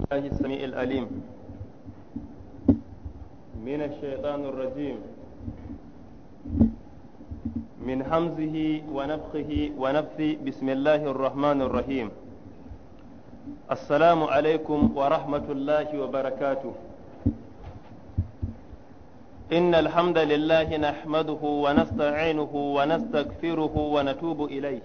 الله السميع العليم من الشيطان الرجيم من همزه ونفخه ونفث بسم الله الرحمن الرحيم السلام عليكم ورحمة الله وبركاته إن الحمد لله نحمده ونستعينه ونستغفره ونتوب إليه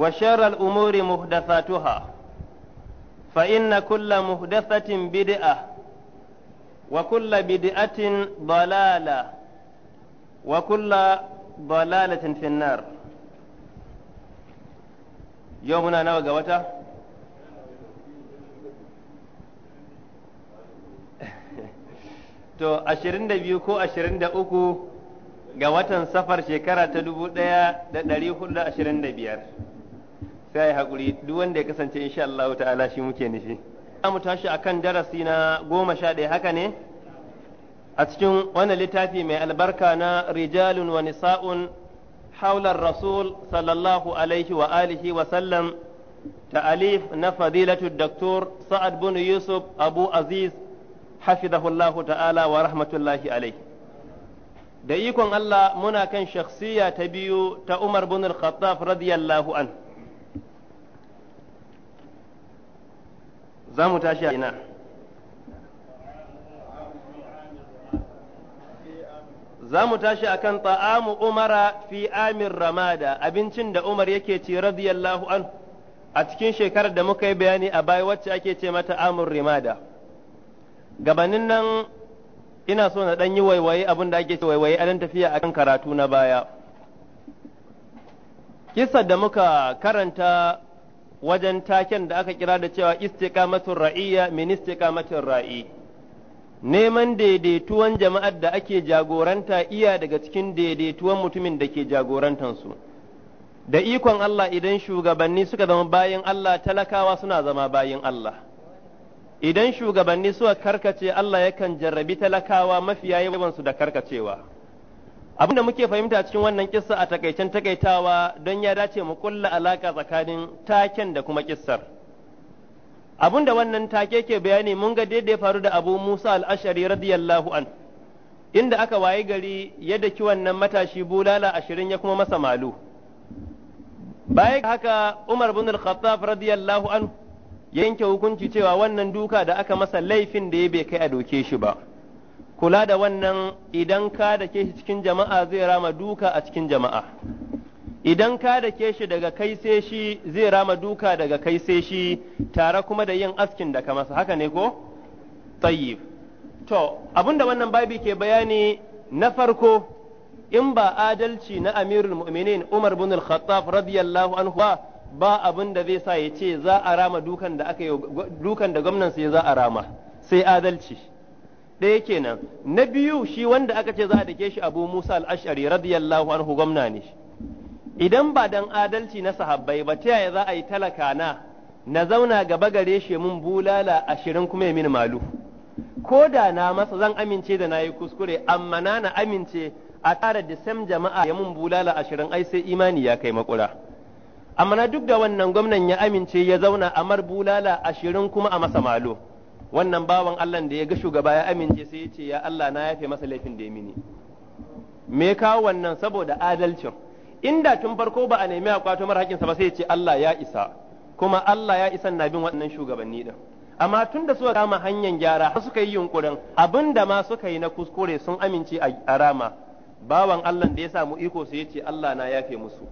وشر الأمور محدثاتها فإن كل محدثة بدعة وكل بدعة ضلالة وكل ضلالة في النار يومنا نوى قوته to ashirin da biyu ko ashirin da uku ga watan safar shekara ta dubu ɗaya da ɗari hudu ashirin da biyar sai ya haƙuri duk wanda ya kasance insha Allah ta'ala shi muke nufi za mu tashi akan darasi na goma sha ɗaya haka ne a cikin wannan littafi mai albarka na rijalun wa nisa'un haular rasul sallallahu alaihi wa alihi wa sallam alif na fadilatu daktor sa'ad bin yusuf abu aziz hafizahullahu ta'ala wa rahmatullahi alaihi da ikon Allah muna kan shakhsiya ta biyu ta Umar bin khattab radiyallahu anhu za mu tashi a ina za mu tashi a kan ta'amu umara fi Amin ramada abincin da umar yake ci radiyallahu an a cikin shekarar da muka yi bayani a baya wacce ake ce mata Amin ramada gabanin nan ina so na ɗan yi waiwaye abin da ake ce waiwaye a tafiya a kan karatu na baya kisar da muka karanta wajen taken da aka kira da cewa istiqamatur ra'iyya min istiqamatir ra'i neman daidaituwan jama'ar da ake jagoranta iya daga cikin daidaituwan mutumin da ke jagorantansu da ikon Allah idan shugabanni suka zama bayan Allah talakawa suna zama bayan Allah idan shugabanni suka karkace Allah yakan jarrabi talakawa mafiya yawansu da karkacewa abin da muke fahimta cikin wannan kissa a takaicen takaitawa don ya dace mu kulla alaka tsakanin taken da kuma kissar abin da wannan take ke bayani mun ga daidai faru da abu musa al'ashari radiyallahu an inda aka waye gari yadda ki wannan matashi bulala ashirin ya kuma masa malu bayan haka umar bin al-khattab radiyallahu an yanke hukunci cewa wannan duka da aka masa laifin da ya bai kai a doke shi ba kula da wannan idan ka da ke shi cikin jama'a zai rama duka a cikin jama'a idan ka da ke shi daga kai sai shi zai rama duka daga kai sai shi tare kuma da yin askin da ka masa haka ne ko tayyib to abinda wannan babi ke bayani na farko in ba adalci na amirul mu'minin Umar bin al-Khattab radiyallahu anhu ba abin da zai sa ya ce za a rama dukan da aka yi dukan da gwamnan sai za a rama sai adalci ɗaya kenan na biyu shi wanda aka ce za a dake shi abu musa al'ashari radiyallahu anhu gwamna ne idan ba dan adalci na sahabbai ba ta yaya za a yi talaka na na zauna gaba gare shi mun bulala ashirin kuma ya min malu ko da na masa zan amince da na yi kuskure amma na na amince a tara da sam jama'a ya mun bulala ashirin ai sai imani ya kai makura amma na duk da wannan gwamnan ya amince ya zauna amar bulala ashirin kuma a masa malu. wannan bawan Allah da ya ga shugaba ya amince sai ya ce ya Allah na yafe masa laifin da ya mini me kawo wannan saboda adalcin inda tun farko ba a nemi a kwato mara hakinsa ba sai ya ce Allah ya isa kuma Allah ya isa na bin wannan shugabanni din amma tun da suka kama hanyar gyara suka yi yunkurin abin da ma suka yi na kuskure sun amince a rama bawan Allah da ya samu iko sai ya ce Allah na yafe musu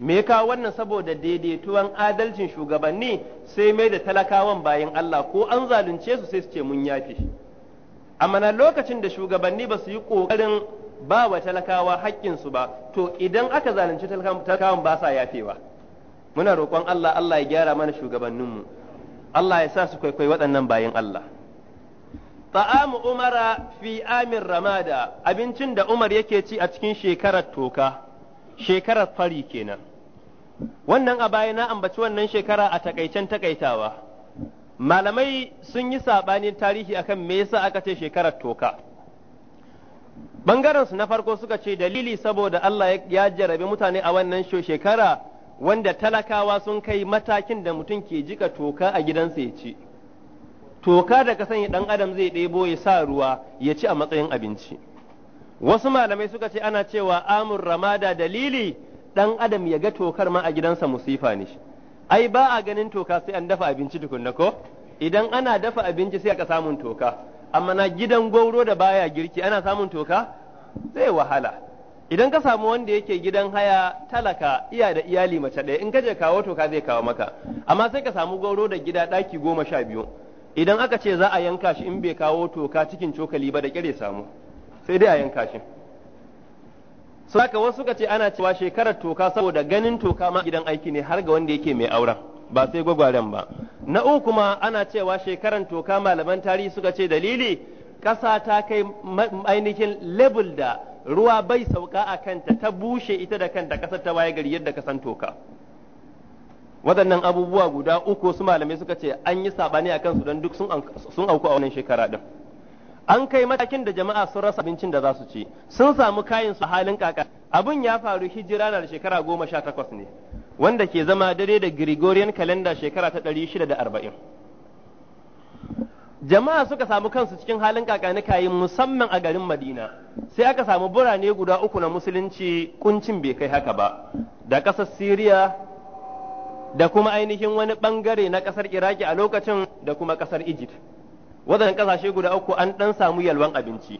me ya kawo wannan saboda daidaituwan adalcin shugabanni sai mai da talakawan bayan Allah ko an zalunce su sai su ce mun yafe amma na lokacin da shugabanni ba su yi kokarin ba wa talakawa haƙƙinsu ba to idan aka zalunci talakawan ba sa yafewa muna roƙon Allah Allah ya gyara mana shugabanninmu Allah ya sa su kwaikwayi waɗannan bayan Allah ta'amu umara fi amin ramada abincin da umar yake ci a cikin shekarar toka shekarar fari kenan wannan a baya na ambaci wannan shekara a takaicen takaitawa malamai sun yi sabanin tarihi akan me yasa aka ce shekarar toka bangaren su na farko suka ce dalili saboda Allah ya jarabe mutane a wannan shekara wanda talakawa sun kai matakin da mutum ke jika toka a gidansa ya ci toka da ka sanya dan adam zai ɗebo ya sa ruwa ya ci a matsayin abinci wasu malamai suka ce ana cewa amur ramada dalili ɗan adam ya ga tokar ma a gidansa musifa ne ai ba a ganin toka sai an dafa abinci tukunna ko idan ana dafa abinci sai aka samun toka amma na gidan gwauro da baya girki ana samun toka zai wahala idan ka samu wanda yake gidan haya talaka iya da iyali mace ɗaya in ka je kawo toka zai kawo maka amma sai ka samu gwauro da gida ɗaki goma sha biyu idan aka ce za a yanka shi in bai kawo toka cikin cokali ba da kyare samu sai dai a yanka shi saka wasu suka ce ana cewa shekarar toka saboda ganin toka ma gidan aiki ne har ga wanda yake mai auren ba sai gwagwaren ba na uku kuma ana cewa shekarar toka malaman tarihi suka ce dalili kasa ta kai ainihin level da ruwa bai sauka a kanta ta bushe ita da kanta kasar ta waye gari yadda kasan toka waɗannan abubuwa guda uku su malamai suka ce an yi saɓani a kansu don duk sun auku a wannan shekara din an kai matakin da jama'a sun rasa abincin da za su ci sun samu kayan su halin kaka abin ya faru hijira na da shekara goma sha takwas ne wanda ke zama dare da Gregorian calendar shekara ta ɗari shida da arba'in jama'a suka samu kansu cikin halin na kayin musamman a garin madina sai aka samu birane guda uku na musulunci kuncin bai kai haka ba da ƙasar siriya da kuma ainihin wani ɓangare na ƙasar iraki a lokacin da kuma ƙasar egypt wadannan kasashe guda uku an dan samu yalwan abinci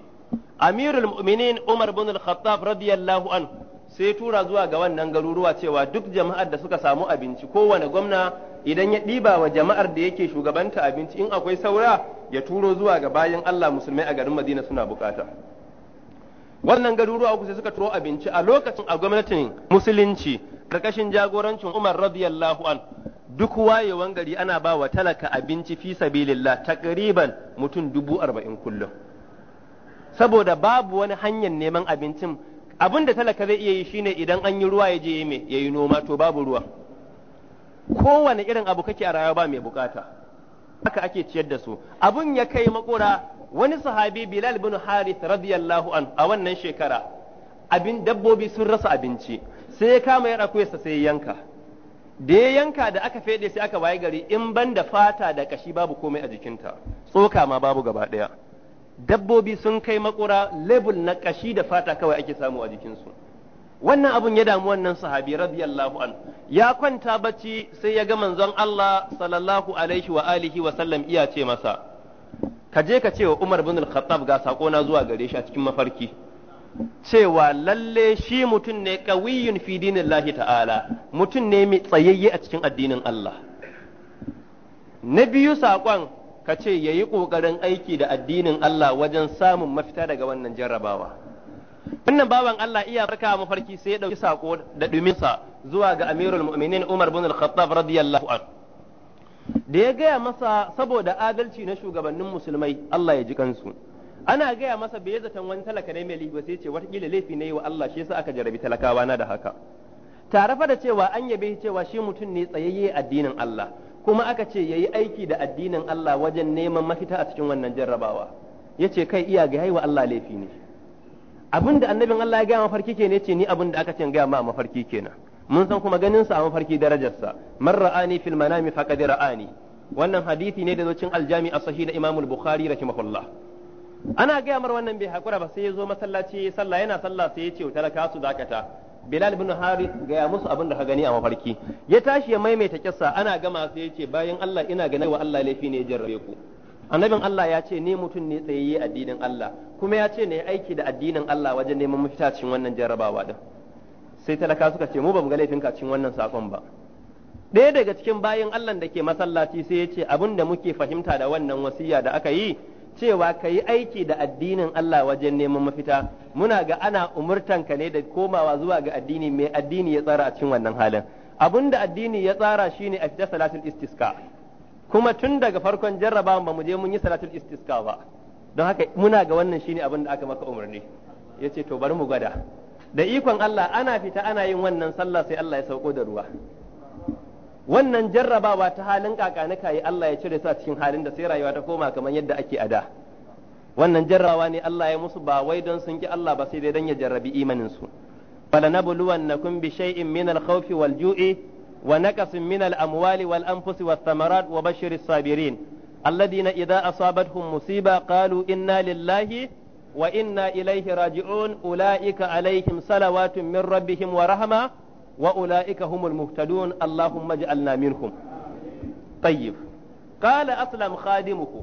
amirul mu'minin umar bin al-khattab radiyallahu anhu sai tura zuwa ga wannan garuruwa cewa duk jama'ar da suka samu abinci kowane gwamna idan ya diba wa jama'ar da yake shugabanta abinci in akwai saura ya turo zuwa ga bayan Allah musulmai a garin Madina suna bukata wannan garuruwa uku sai suka turo abinci a lokacin a gwamnatin musulunci karkashin jagorancin Umar radiyallahu an duk wayewan gari ana ba wa talaka abinci fi sabilillah takriban mutum dubu arba'in kullum saboda babu wani hanyar neman abincin abin da talaka zai iya yi shine idan an yi ruwa ya je ya ya yi noma to babu ruwa kowane irin abu kake a rayuwa ba mai bukata haka ake ciyar da su abun ya kai makora wani sahabi bilal bin harith radiyallahu an a wannan shekara abin dabbobi sun rasa abinci sai ya kama ya sa sai yanka da ya yanka da aka fede sai aka waye gari in ban da fata da kashi babu komai a jikinta tsoka ma babu gaba daya dabbobi sun kai makura lebul na kashi da fata kawai ake samu a jikinsu wannan abun ya damu wannan sahabi radiyallahu an ya kwanta bacci sai ya ga manzon Allah sallallahu alaihi wa alihi wa sallam iya ce masa ka je ka ce wa Umar bin al-Khattab ga sako na zuwa gare shi a cikin mafarki cewa lalle shi mutum ne ƙawiyyun fi dinin lahi ta'ala mutum ne mai tsayayye a cikin addinin Allah na biyu saƙon ka ce ya yi ƙoƙarin aiki da addinin Allah wajen samun mafita daga wannan jarrabawa wannan baban Allah iya farka mafarki sai ya ɗauki saƙo da ɗuminsa zuwa ga amirul mu'minin Umar bin al-Khattab radiyallahu anhu da ya gaya masa saboda adalci na shugabannin musulmai Allah ya ji kansu ana gaya masa bai zaton wani talaka ne mai liba sai ce watakila laifi ne wa Allah shi yasa aka jarabi talakawa na da haka tare da cewa an yabe cewa shi mutum ne tsayayye addinin Allah kuma aka ce yayi aiki da addinin Allah wajen neman mafita a cikin wannan jarrabawa yace kai iya ga haiwa Allah laifi ne abin da annabin Allah ya gaya mafarki ke ne ce ni abin da aka ce gaya ma mafarki kenan mun san kuma ganin sa a mafarki darajarsa man ra'ani fil manami faqad ra'ani wannan hadisi ne da zocin aljami as-sahih da Imam al-Bukhari rahimahullah ana gaya mar wannan bai hakura ba sai ya zo masallaci sallah yana sallah sai ya ce talaka su dakata Bilal bin Harith gaya musu abin da ka gani a mafarki ya tashi ya maimaita kissa ana gama sai ya ce bayan Allah ina ganin wa Allah laifi ne ya jarrabe ku annabin Allah ya ce ni mutum ne tsayayye addinin Allah kuma ya ce ne aiki da addinin Allah wajen neman mafita cikin wannan jarrabawa din sai talaka suka ce mu ba mu ga laifinka cikin wannan sakon ba ɗaya daga cikin bayan Allah da ke masallaci sai ya ce abin da muke fahimta da wannan wasiya da aka yi cewa ka yi aiki da addinin Allah wajen neman mafita muna ga ana umurtan ka ne da komawa zuwa ga addini mai addini ya tsara a cikin wannan halin abun da addini ya tsara shine a fita salatul istiska kuma tun daga farkon jarraba ba mu je mun yi salatul istiska ba don haka muna ga wannan shine abin da aka maka umarni ce to bari mu gwada da ikon Allah ana fita ana yin wannan sallah sai Allah ya sauko da ruwa wannan jarrabawa ta halin kakanika yi Allah ya cire su a cikin halin da sai rayuwa ta koma kamar yadda ake a da wannan jarrabawa ne Allah ya musu ba wai don sun ki Allah ba sai dai don ya jarrabi imanin su falanabluwannakum bi shay'in min al-khawfi wal-ju'i wa naqasin min al-amwali wal-anfusi wath-thamarat wa bashshiris sabirin alladhina idza asabatuhum musiba qalu inna lillahi wa inna ilayhi raji'un ulaika alaihim salawatun min rabbihim wa rahmah wa ulaika humul muhtadun allahumma ij'alna minhum tayyib qala aslam khadimuhu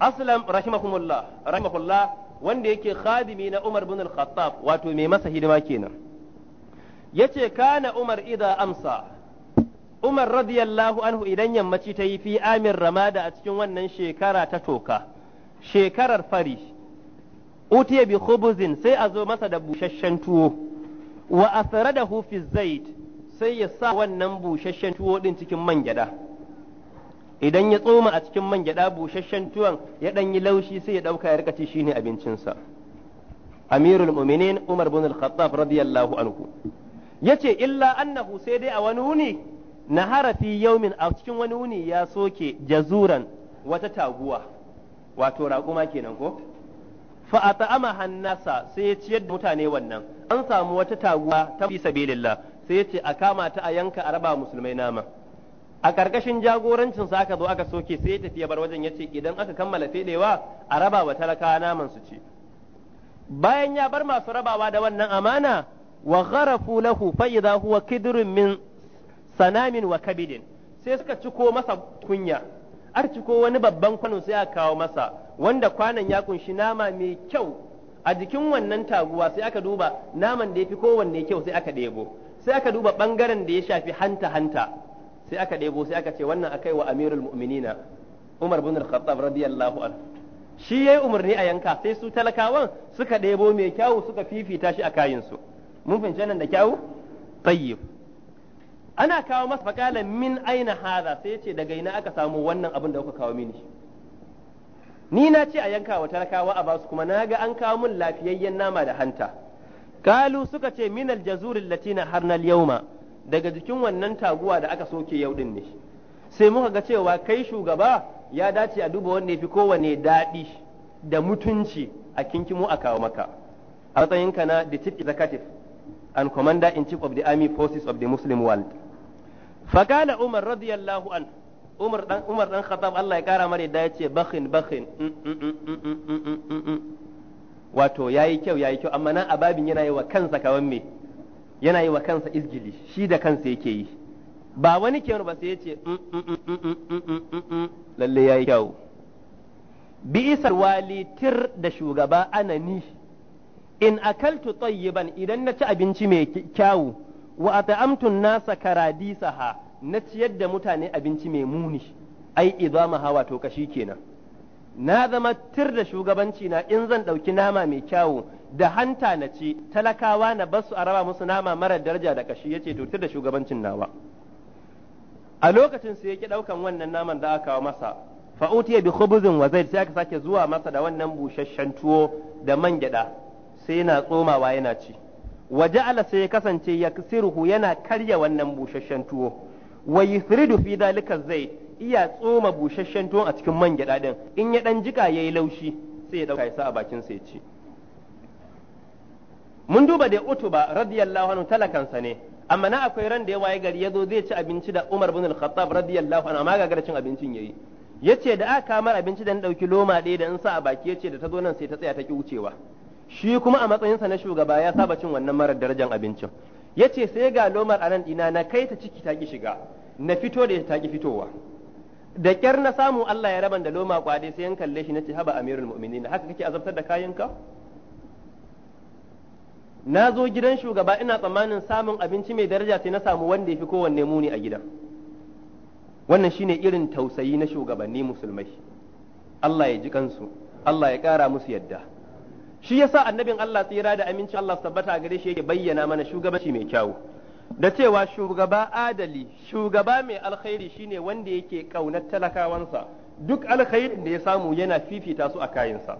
aslam rahimahumullah rahimahullah wanda yake khadimi na Umar bin khattab wato mai masa hidima kenan yace kana Umar idza amsa Umar radiyallahu anhu idan yammaci ta yi fi amin ramada a cikin wannan shekara ta toka shekarar fari utiya bi khubuzin sai a zo masa da busasshen tuwo wa asradahu fi zaid sai ya sa wannan busasshen tuwo din cikin man gyada idan ya tsoma a cikin man gyada busasshen tuwon ya dan yi laushi sai ya ɗauka ya rika ci shine abincinsa amirul mu'minin umar bin al-khattab radiyallahu anhu yace illa annahu sai dai a wani wuni nahara fi yaumin a cikin wani wuni ya soke jazuran wata taguwa wato raƙuma kenan ko fa ta'ama hannasa sai ya ciyar da mutane wannan an samu wata taguwa ta fi sabilillah sai ya ce a kama ta a yanka a raba musulmai nama a ƙarƙashin jagorancin sa aka zo aka soke sai ya tafi bar wajen ya ce idan aka kammala fedewa a raba wa talaka naman su ce. bayan ya bar masu rabawa da wannan amana wa gharafu lahu fa idha huwa kidrun min sanamin wa kabidin sai suka ciko masa kunya arciko wani babban kwano sai a kawo masa wanda kwanan ya kunshi nama mai kyau a jikin wannan taguwa sai aka duba naman da ya fi kowanne kyau sai aka ɗebo sai aka duba ɓangaren da ya shafi hanta hanta sai aka ɗebo sai aka ce wannan akai wa amirul mu'minina umar bin al-khattab radiyallahu anhu shi yayi umarni a yanka sai su talakawan suka ɗebo mai kyawu suka fifita shi a kayinsu mun fahimci nan da kyau tayyib ana kawo masa faqala min aina hadha sai ce daga ina aka samu wannan abin da kuka kawo mini ni na ce a yanka wa talakawa a basu kuma na ga an kawo mun lafiyayyen nama da hanta kalu suka ce min aljazur allati harna yauma daga jikin wannan taguwa da aka soke yau din ne sai muka ga cewa kai shugaba ya dace a duba wanda fi kowane daɗi da mutunci a kinkimo a kawo maka a matsayinka na the chief executive and commander in chief of the army forces of the muslim world fakala umar radiyallahu an umar dan umar dan khattab Allah ya kara mare da yace bakhin bakhin wato yayi kyau yayi kyau amma nan ababin yana yi wa kansa kawan me yana yi wa kansa izgili shi da kansa yake yi ba wani kyau ba sai yace lalle yayi kyau bi'isar tir da shugaba anani in akaltu tayyiban idan na ci abinci mai kyawu wa at'amtun nasa karadisaha na ciyar da mutane abinci mai muni ai hawa to kashi kenan na zama tir da shugabanci na in zan ɗauki nama mai kyawu da hanta na ci talakawa na basu a raba musu nama marar daraja da kashi yace to tir da shugabancin nawa a lokacin sai yake ɗaukan wannan naman da aka kawo masa utiya bi khubuzin wa zaid sai aka sake zuwa masa da wannan busasshen tuwo da man sai yana tsomawa yana ci وجعل ja'ala sai ya kasance yaksiruhu yana karya wannan busashen tuwo wai yusridu fi zalika zai iya tsoma busasshen tuwo a cikin man gyada din in ya dan jika yayi laushi sai ya dauka ya sa a bakin sai ya ci mun duba da utuba radiyallahu anhu talakansa ne amma na akwai ran da ya waye gari yazo zai ci abinci da Umar bin Al-Khattab radiyallahu anhu amma ga garcin abincin yayi yace da aka kamar abinci da na dauki loma ɗaya da in sa a baki yace da ta zo nan sai ta tsaya ta ki wucewa shi kuma a matsayinsa na shugaba ya saba cin wannan marar darajar abincin ya ce sai ga lomar a nan ɗina na kai ta ciki ta ki shiga na fito da ta ki fitowa da kyar na samu Allah ya raban da loma kwade sai yan kalle shi na ce haba amirul mu'minin haka kake azabtar da kayanka na zo gidan shugaba ina tsammanin samun abinci mai daraja sai na samu wanda ya fi kowanne muni a gidan wannan shine irin tausayi na shugabanni musulmai Allah ya ji kansu Allah ya kara musu yadda shi yasa annabin Allah tsira da aminci Allah tabbata a gare shi yake bayyana mana shugabanci mai kyau da cewa shugaba adali shugaba mai alkhairi shine wanda yake kaunar talakawansa duk alkhairin da ya samu yana fifita su a kayansa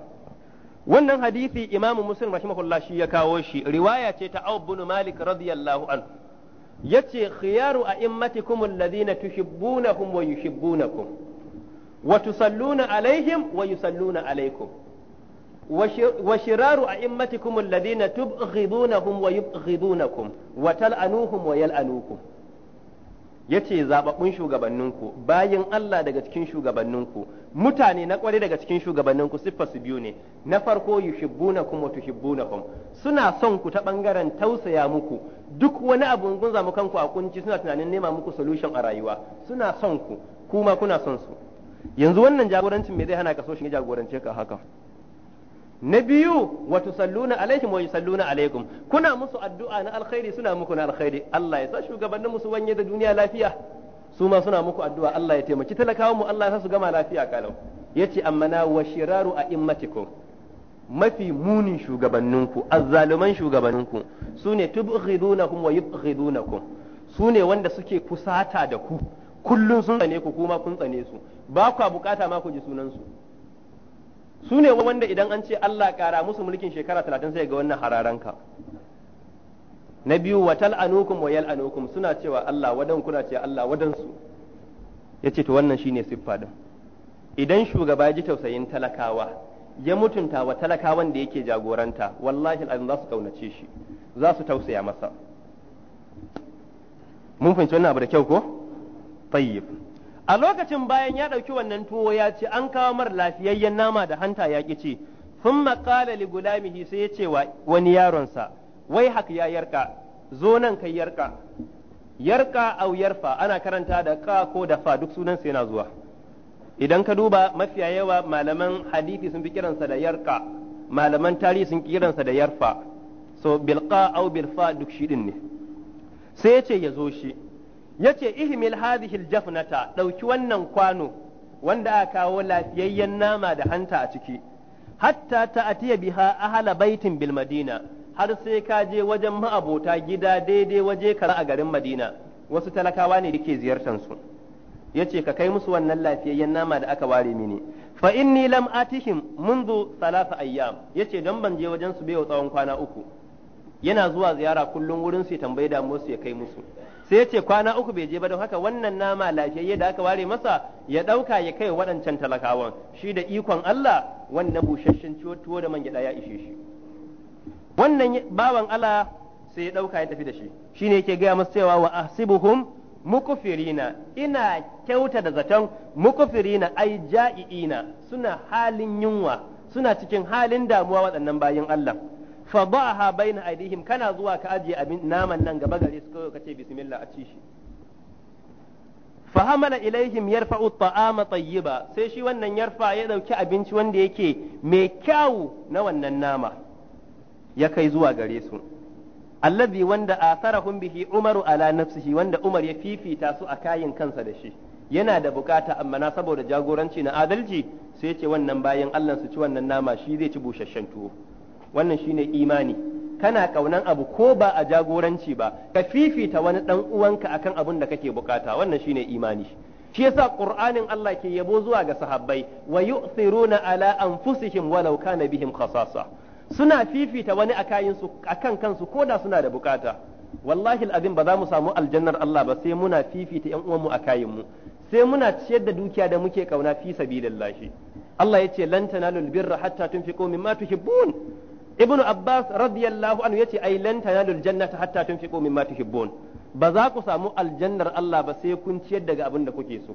wannan hadisi imamu muslim rahimahullah shi ya kawo shi riwaya ce ta Abu bin Malik radiyallahu anhu yace khiyaru a'immatikum alladhina tuhibbunahum wa yuhibbunakum wa tusalluna alaihim wa yusalluna alaikum وشرار أئمتكم الذين تبغضونهم ويبغضونكم وتلعنوهم ويلعنوكم yace zababbun shugabanninku bayin Allah daga cikin shugabanninku mutane na kware daga cikin shugabanninku siffar su biyu ne na farko kum wa kum suna son ku ta bangaren tausaya muku duk wani abun gunza mu kanku a kunci suna tunanin nema muku solution a rayuwa suna son ku kuma kuna son su yanzu wannan jagorancin me zai hana ka so shi jagorance ka haka na biyu wa tusalluna alaihim wa yusalluna alaikum kuna musu addu'a na alkhairi suna muku na alkhairi Allah ya sa shugabannin musu wanye da duniya lafiya su ma suna muku addu'a Allah ya taimaki talakawan mu Allah ya sa su gama lafiya kalau yace amma na wa shiraru a immatikum mafi munin shugabanninku azzaluman shugabanninku sune tubghidunahum wa yubghidunakum sune wanda suke kusata da ku kullun sun tsane ku kuma kun tsane su ba ku bukata ma ku ji sunan su su ne wanda idan an ce Allah kara musu mulkin shekara talatin sai ga wannan hararanka na biyu wa tal'anukum wa yal'anukum suna cewa Allah wadan kuna ce Allah wadan su yace to wannan shine siffa din idan shugaba ji tausayin talakawa ya mutunta wa talakawan da yake jagoranta wallahi al'azim za su kaunace shi za su tausaya masa mun fahimci wannan abu da kyau ko tayyib a lokacin bayan ya ɗauki wannan tuwo ya ce an kawo mar lafiyayyen nama da hanta ya ce sun maƙala li gulamihi sai ya ce wani yaronsa wai haka ya yarka zo nan kai yarka yarka au yarfa ana karanta da ka ko da fa duk sunansa yana zuwa idan ka duba mafiya yawa malaman hadisi sun fi kiransa da yarka malaman tarihi sun kiransa da yarfa so bilqa au bilfa duk shi din ne sai ya ce ya zo shi yace ihimil hadihil ta ɗauki wannan kwano wanda aka kawo lafiyayyen nama da hanta a ciki hatta ta ta'tiya biha ahala baitin bil madina har sai ka je wajen ma'abota gida daidai waje kaza a garin madina wasu talakawa ne dake ziyartar su yace ka kai musu wannan lafiyayyen nama da aka ware mini fa inni lam atihim mundu salasa ayyam yace don ban je wajen su bai tsawon kwana uku yana zuwa ziyara kullum wurin su tambaye da su ya kai musu sai ya ce kwana uku bai je ba don haka wannan nama lafiyayye da aka ware masa ya ɗauka ya kai waɗancan talakawan shi da ikon Allah wannan bushashin tuwo da man gyaɗa ya ishe shi wannan bawan Allah sai ya ɗauka ya tafi da shi shine yake gaya masu cewa wa ahsibuhum mukufirina ina kyauta da zaton mukufirina ai ja'iina suna halin yunwa suna cikin halin damuwa waɗannan bayan Allah fa ba'aha baina aidihim kana zuwa ka ajiye abin naman nan gaba gare su kawai kace bismillah a ci shi fa hamala ilaihim yarfa'u ta'ama tayyiba sai shi wannan yarfa ya dauki abinci wanda yake mai kyau na wannan nama ya kai zuwa gare su allazi wanda atharahum bihi umaru ala nafsihi wanda umar ya fifita su a kayin kansa da shi yana da bukata amma na saboda jagoranci na adalci sai ce wannan bayan Allah su ci wannan nama shi zai ci busasshen tuwo wannan shine imani kana kaunan abu ko ba a jagoranci ba ka fifita wani dan uwanka akan abin da kake bukata wannan shine imani shi yasa qur'anin Allah ke yabo zuwa ga sahabbai wa yu'thiruna ala anfusihim walau kana bihim khasasa suna fifita wani akayin su akan kansu da suna da bukata wallahi al'azim ba za mu samu aljannar Allah ba sai muna fifita yan uwanmu akayin mu sai muna ciyar da dukiya da muke kauna fi sabilillahi Allah ya ce lan tanalul birra hatta tunfiqu mimma tuhibbun Ibnu abbas radiyallahu anhu yace ai lan tanalul jannata hatta tunfiqu mimma tuhibbun ba za ku samu aljannar Allah ba sai kun ciyar daga abin da kuke so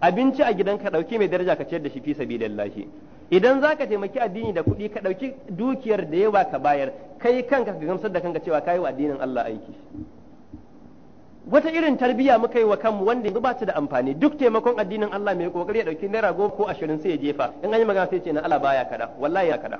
abinci a gidan ka dauki mai daraja ka ciyar da shi fi sabilillahi idan zaka taimaki addini da kuɗi ka dauki dukiyar da yawa ka bayar kai kanka ka gamsar da kanka cewa kai wa addinin Allah aiki wata irin tarbiyya muka yi wa kanmu wanda yanzu ba ta da amfani duk taimakon addinin Allah mai kokari ya dauki naira goma ko ashirin sai ya jefa in an yi magana sai ce na Allah baya kada wallahi ya kada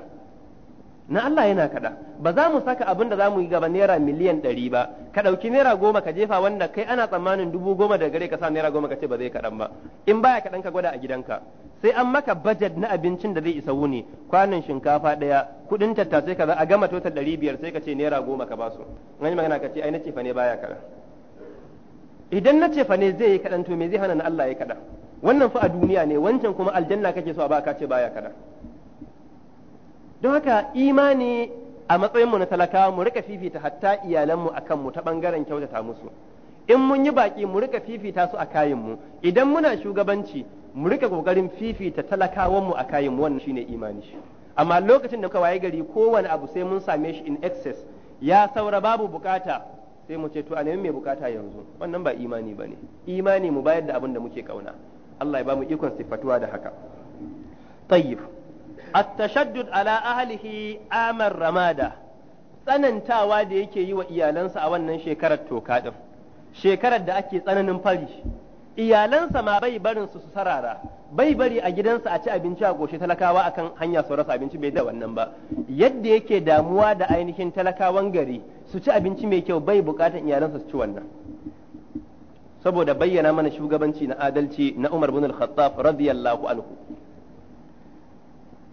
na Allah yana kaɗan ba za mu saka abin da za mu yi gaba naira miliyan ɗari ba ka ɗauki naira goma ka jefa wanda kai ana tsammanin dubu goma da gare ka sa naira goma ka ce ba zai kaɗan ba in baya kaɗan ka gwada a gidanka sai an maka bajet na abincin da zai isa wuni kwanan shinkafa ɗaya kuɗin tattasai kaza a gama total ɗari biyar sai ka ce naira goma ka basu wani magana ka ce ai na ne baya kaɗan idan na cefa ne zai yi kaɗan to me zai hana na Allah ya kaɗan wannan fa a duniya ne wancan kuma aljanna kake so a ba ka ce baya kaɗan don haka imani a matsayinmu na talakawa mu rika fifita hatta iyalanmu akan mu ta bangaren kyautata musu in mun yi baki mu rika fifita su a kayanmu idan muna shugabanci mu rika kokarin fifita talakawanmu mu a kayan mu wannan shine imani shi amma lokacin da muka waye gari kowane abu sai mun same shi in excess ya saura babu bukata sai mu ce to a nemi mai bukata yanzu wannan ba imani bane imani mu bayar da abin da muke kauna Allah ya ba mu ikon sifatuwa da haka tayyib التشدد tashaddud ala عام amar ramada tsanantawa da yake yi wa iyalansa a wannan shekarar toka din shekarar da ake tsananin fari iyalansa ma bai barin su su sarara bai bari a gidansa a ci abinci a goshi talakawa akan hanya su rasa abinci bai da wannan ba yadda yake damuwa da ainihin talakawan gari su ci abinci mai kyau bai bukatan iyalansa su ci wannan saboda bayyana mana shugabanci na adalci na Umar bin Al-Khattab radiyallahu anhu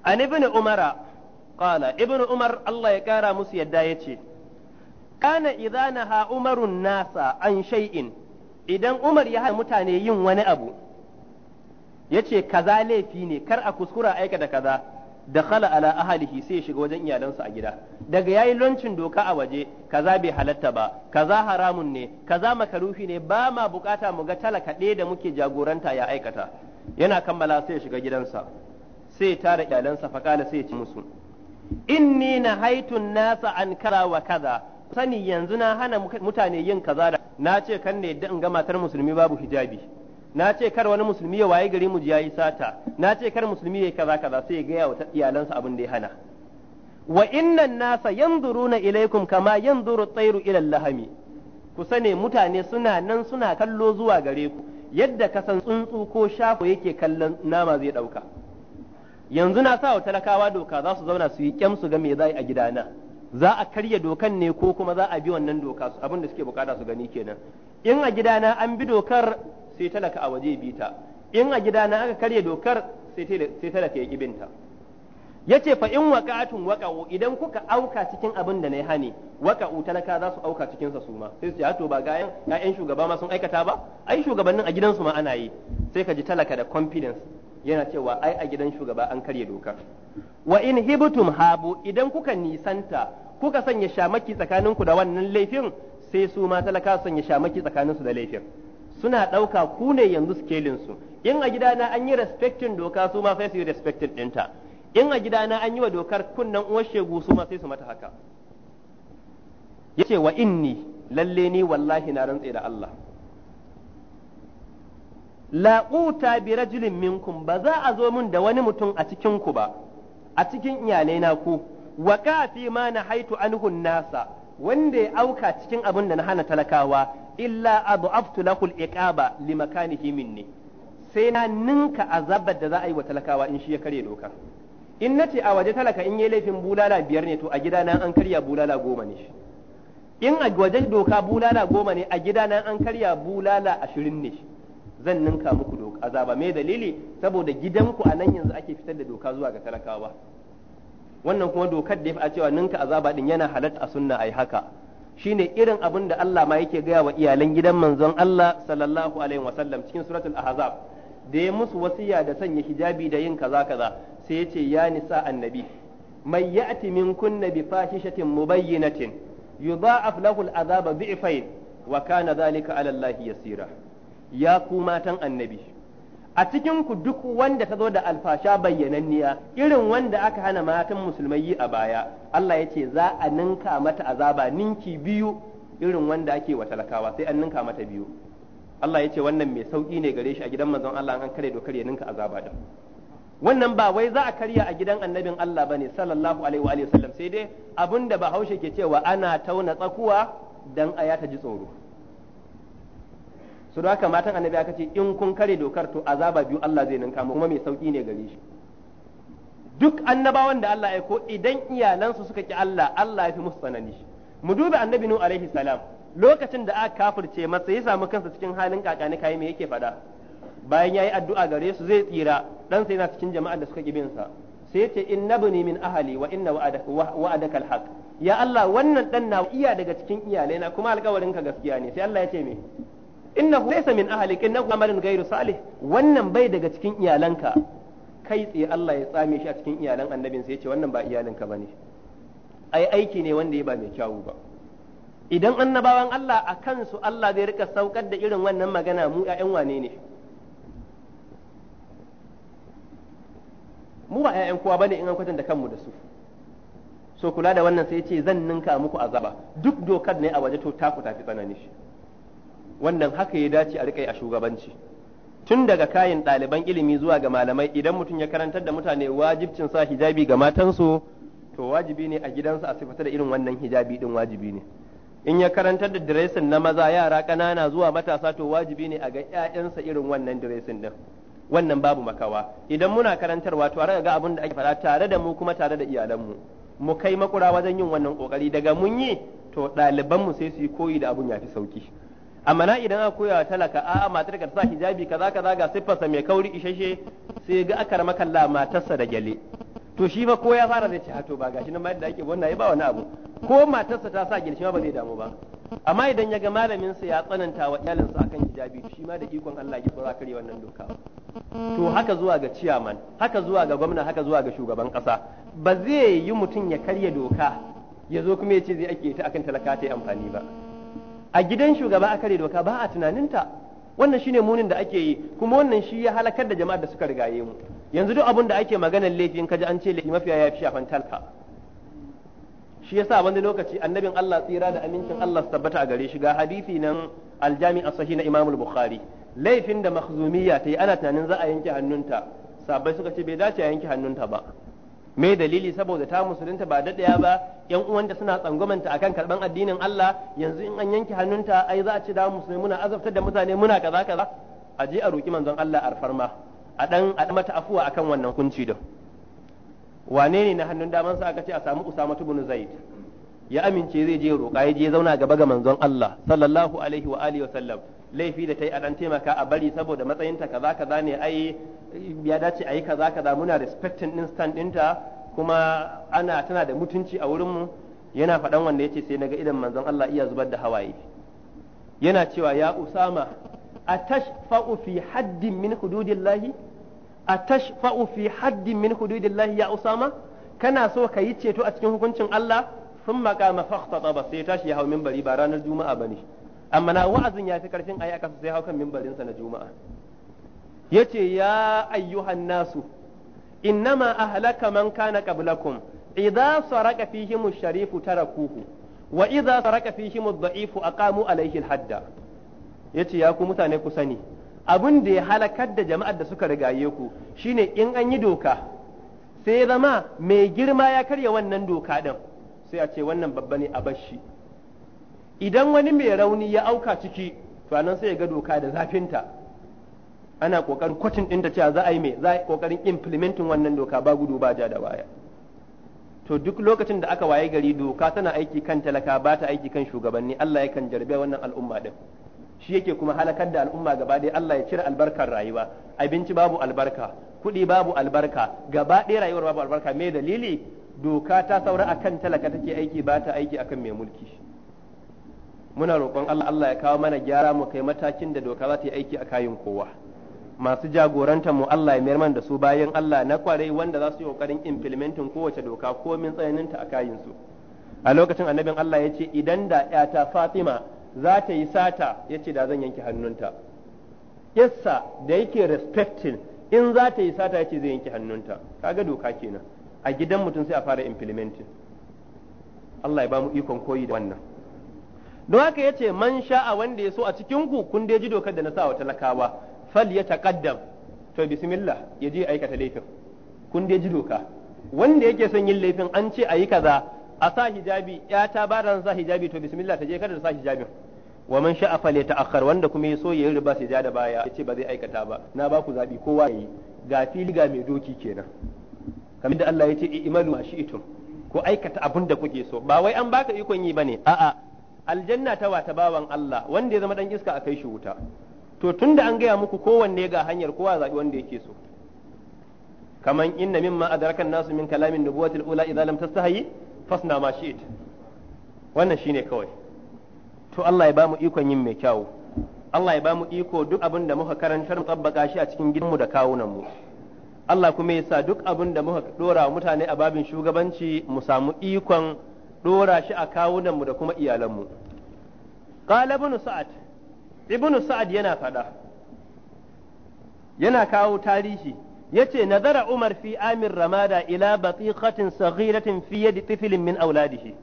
an ibn umara qala ibn umar Allah ya kara musu yadda yace kana idza naha umarun nasa an shay'in idan umar ya hana mutane yin wani abu yace kaza laifi ne kar a kuskura aika da kaza dakhala ala ahalihi sai shiga wajen iyalansa a gida daga yayi loncin doka a waje kaza bai halatta ba kaza haramun ne kaza makarufi ne ba ma bukata mu ga talaka da muke jagoranta ya aikata yana kammala sai shiga gidansa sai ya tara iyalansa faqala sai ya ce musu inni haitun nasa an kara wa kaza sani yanzu na hana mutane yin kaza da na ce kan ne yadda in ga matar musulmi babu hijabi na ce kar wani musulmi ya waye gari mu ji yayi sata na ce kar musulmi ya kaza kaza sai ya gaya wa iyalansa abin da ya hana wa innan nasa yanzuruna ilaikum kama yanzuru at-tayru ila lahami ku sane mutane suna nan suna kallo zuwa gare ku yadda kasan tsuntsu ko shafo yake kallon nama zai dauka yanzu na sa wa talakawa doka za su zauna su yi kyam su ga me za a gidana za a karya dokan ne ko kuma za a bi wannan doka su abin da suke bukata su gani kenan in a gidana an bi dokar sai talaka a waje bi ta in a gidana aka karya dokar sai talaka ya kibinta yace fa in waqa'atun waqa'u idan kuka auka cikin abin da nayi hani waqa'u talaka za su auka cikin sa suma sai su ce to ba ga yan shugaba ma sun aikata ba ai shugabannin a gidansu ma ana yi sai ka ji talaka da confidence yana cewa ai a gidan shugaba an karya doka wa in hibtum habu idan kuka nisanta kuka sanya shamaki tsakaninku da wannan laifin sai su ma talaka sanya shamaki tsakaninsu da laifin suna ɗauka ku ne yanzu skelin su in a gidana an yi respectin doka su ma sai su yi respectin ɗinta in a gidana an yi wa dokar kunnan uwar shegu su ma sai su mata haka yace wa inni lalle ni wallahi na rantse da Allah laquta bi rajulin minkum ba za a zo min da wani mutum a cikin ku ba a cikin iyalai na ku wa fi ma na haitu anhu nasa wanda ya auka cikin abin da na hana talakawa illa aftu lahul iqaba li makanihi minni sai na ninka azabar da za a yi wa talakawa in shi ya kare doka in nace a waje talaka in yi laifin bulala biyar ne to a gida na an karya bulala goma ne shi in a waje doka bulala goma ne a gida na an karya bulala ashirin ne shi zan ninka muku azaba mai dalili saboda gidanku a nan yanzu ake fitar da doka zuwa ga talakawa wannan kuma dokar da ya fi cewa ninka azaba din yana halatta a sunna ai haka shine irin abin da Allah ma yake gaya wa iyalan gidan manzon Allah sallallahu alaihi wasallam cikin suratul ahzab da ya musu wasiya da sanya hijabi da yin kaza kaza sai ya ce ya nisa annabi mai ya'ti kunna bi fahishatin mubayyinatin yudha'af lahu al'azaba bi'fayn wa kana dhalika 'ala Allah yasira ya ku matan annabi a cikin ku duk wanda ta zo da alfasha bayyananniya irin wanda aka hana matan musulmai yi a baya Allah ya ce za a ninka mata azaba ninki biyu irin wanda ake wa talakawa sai an ninka mata biyu Allah ya ce wannan mai sauki ne gare shi a gidan manzon Allah an kare dokar ya ninka azaba da wannan ba wai za a karya a gidan annabin Allah bane sallallahu alaihi wa sallam sai dai abinda bahaushe ke cewa ana tauna tsakuwa dan aya ta ji tsoro su da haka matan annabi aka ce in kun kare dokar to azaba biyu Allah zai ninka mu kuma mai sauki ne gare shi duk annabawan da Allah ya ko idan iyalansu suka ki Allah Allah ya fi musu tsanani mu duba annabi nu alaihi salam lokacin da aka kafirce masa ya samu kansa cikin halin kakani kai me yake faɗa bayan yayi addu'a gare su zai tsira dan sai yana cikin jama'ar da suka ki bin sa sai ya ce bani min ahli wa inna wa'adaka alhaq ya Allah wannan dan na iya daga cikin iyalaina kuma alƙawarin ka gaskiya ne sai Allah ya ce me innahu laysa min ahlik innahu amalun ghayru salih wannan bai daga cikin iyalanka kai tsaye Allah ya tsame shi a cikin iyalan annabin sai ya ce wannan ba iyalinka bane ai aiki ne wanda ya ba mai kyawu ba idan annabawan Allah a kansu Allah zai rika saukar da irin wannan magana mu ƴaƴan wane ne mu ba ƴaƴan kowa bane in an kwatanta kanmu da su so kula da wannan sai ya ce zan ninka muku azaba duk dokar ne a waje to taku tafi tsanani shi wannan haka ya dace a riƙa a shugabanci tun daga kayan ɗaliban ilimi zuwa ga malamai idan mutum ya karantar da mutane wajibcin sa hijabi ga matansu to wajibi ne a gidansa a sifata da irin wannan hijabi din wajibi ne in ya karantar da diresin na maza yara ƙanana zuwa matasa to wajibi ne a ga ƴaƴansa irin wannan diresin din wannan babu makawa idan muna karantarwa to a ga abin da ake faɗa tare da mu kuma tare da iyalanmu mu kai makura wajen yin wannan kokari daga mun yi to ɗalibanmu sai su yi koyi da abun ya fi sauki amma na idan aka koya talaka a'a matar ka ta sa hijabi kaza kaza ga siffarsa mai kauri isheshe sai ga aka rama kalla matarsa da gyale to shi fa ko ya fara zai ce hato ba gashi nan ma yadda ake wannan ya ba wani abu ko matarsa ta sa gyale shi ma ba zai damu ba amma idan ya ga malamin sa ya tsananta wa sa akan hijabi shi ma da ikon Allah ya tsora kare wannan doka to haka zuwa ga ciyaman haka zuwa ga gwamna haka zuwa ga shugaban kasa ba zai yi mutum ya karya doka ya zo kuma ya ce zai ake ta akan talaka ta yi amfani ba a gidan shugaba aka kare doka ba a tunaninta wannan shine munin da ake yi kuma wannan shi ya halakar da jama'ar da suka rigaye mu yanzu duk abin da ake maganar laifi in kaji an ce laifi mafiya ya fi shafan talka shi yasa wani lokaci annabin Allah tsira da amincin Allah su tabbata a gare shi ga hadisi nan aljami asahi na Imam bukhari laifin da makhzumiyya ta yi ana tunanin za a yanke hannunta sabai suka ce bai dace a yanke hannunta ba Mai dalili saboda ta musulunta ba daɗaya ba yan uwanta suna tsangwamanta akan karban addinin Allah yanzu in an yanke hannunta ai za a ce da musulmi muna azabtar da mutane muna kaza kaza a je a roki manzon Allah arfarma a dan a mata afuwa akan wannan kunci da. wane ne na hannun daman sa aka ce a samu Usama ibn Zaid ya amince zai je roƙa ya je zauna gaba ga manzon Allah sallallahu alaihi wa alihi wa sallam laifi da tai a dan taimaka a bari saboda matsayinta kaza kaza ne ai ya dace a yi kaza kaza muna respecting din stand ɗinta kuma ana tana da mutunci a wurinmu yana faɗan wanda ya ce sai naga idan manzon Allah iya zubar da hawaye yana cewa ya usama fa'u fi haddin min hududillahi fa'u fi haddin min hududillahi ya usama kana so ka yi ceto a cikin hukuncin Allah sun makama ba sai tashi ya hau minbari ba ranar juma'a bane amma na wa'azin ya fi karfin ayi kasa sai hau kan minbarinsa na juma'a yace ya ayyuhan nasu innama ahlaka man kana qablakum idza saraka fihim ash-sharifu tarakuhu wa idza saraka fihim ad-da'ifu aqamu alayhi al-hadda yace ya ku mutane ku sani abin da ya halakar da jama'ar da suka rigaye ku shine in an yi doka sai zama mai girma ya karya wannan doka din sai a ce wannan babba ne a bashi idan wani mai rauni ya auka ciki to nan sai ya ga doka da zafinta ana kokarin kwatin din ta cewa za a yi mai za a yi kokarin implementing wannan doka ba gudu ba ja da baya to duk lokacin da aka waye gari doka tana aiki kan talaka ba ta aiki kan shugabanni Allah yakan jarbe wannan al'umma din shi yake kuma halakar da al'umma gaba ɗaya Allah ya cire albarkar rayuwa abinci babu albarka kuɗi babu albarka gaba ɗaya rayuwar babu albarka me dalili doka ta saura akan talaka take aiki ba ta aiki akan mai mulki muna roƙon Allah Allah ya kawo mana gyara mu kai matakin da doka za ta yi aiki a kayan kowa masu jagorantar mu Allah ya mayar man da su bayan Allah na kwarai wanda za su yi kokarin implementing kowace doka ko komin tsayaninta a kayin su a lokacin annabin Allah ya ce idan da yata Fatima za ta yi sata ya ce da zan yanke hannunta yassa da yake respecting in za ta yi sata ya ce zai yanke hannunta kaga doka kenan a gidan mutum sai a fara implementing Allah ya ba mu ikon koyi da wannan don haka ya ce man sha'a wanda ya so a cikin ku kun dai ji dokar da na sa wa talakawa fal ya to bismillah ya je aikata laifin kun dai ji doka wanda yake son yin laifin an ce ayi kaza a sa hijabi ya ta ba da sa hijabi to bismillah ta je kada sa hijabin wa man sha'a falyataakhkhar wanda kuma yaso yayi riba sai ja da baya yace ba zai aikata ba na ba ku zabi kowa yayi ga fili ga mai doki kenan kamar da Allah yace i'malu ma shi'tum ko aikata abin da kuke so ba wai an baka ikon yi bane a'a aljanna ta wata bawan Allah wanda ya zama dan iska a kai shi wuta to tunda an gaya muku kowanne ga hanyar kowa zaɓi wanda yake so kaman inna mimma adrakan nasu min kalamin nubuwatil ula idza lam tastahi fasna ma shi'it wannan shine kawai to Allah ya bamu ikon yin mai kyau Allah ya bamu iko duk abin da muka karantar mu tabbaka shi a cikin gidanmu da kawunan mu Allah kuma ya sa duk abin da muka dora mutane a babin shugabanci mu samu ikon dora shi a kawunan mu da kuma iyalan mu qala ibn sa'ad ibnu sa'ad yana faɗa yana kawo tarihi yace nazara umar fi amir ramada ila batiqatin saghiratin fi yadi tiflin min auladihi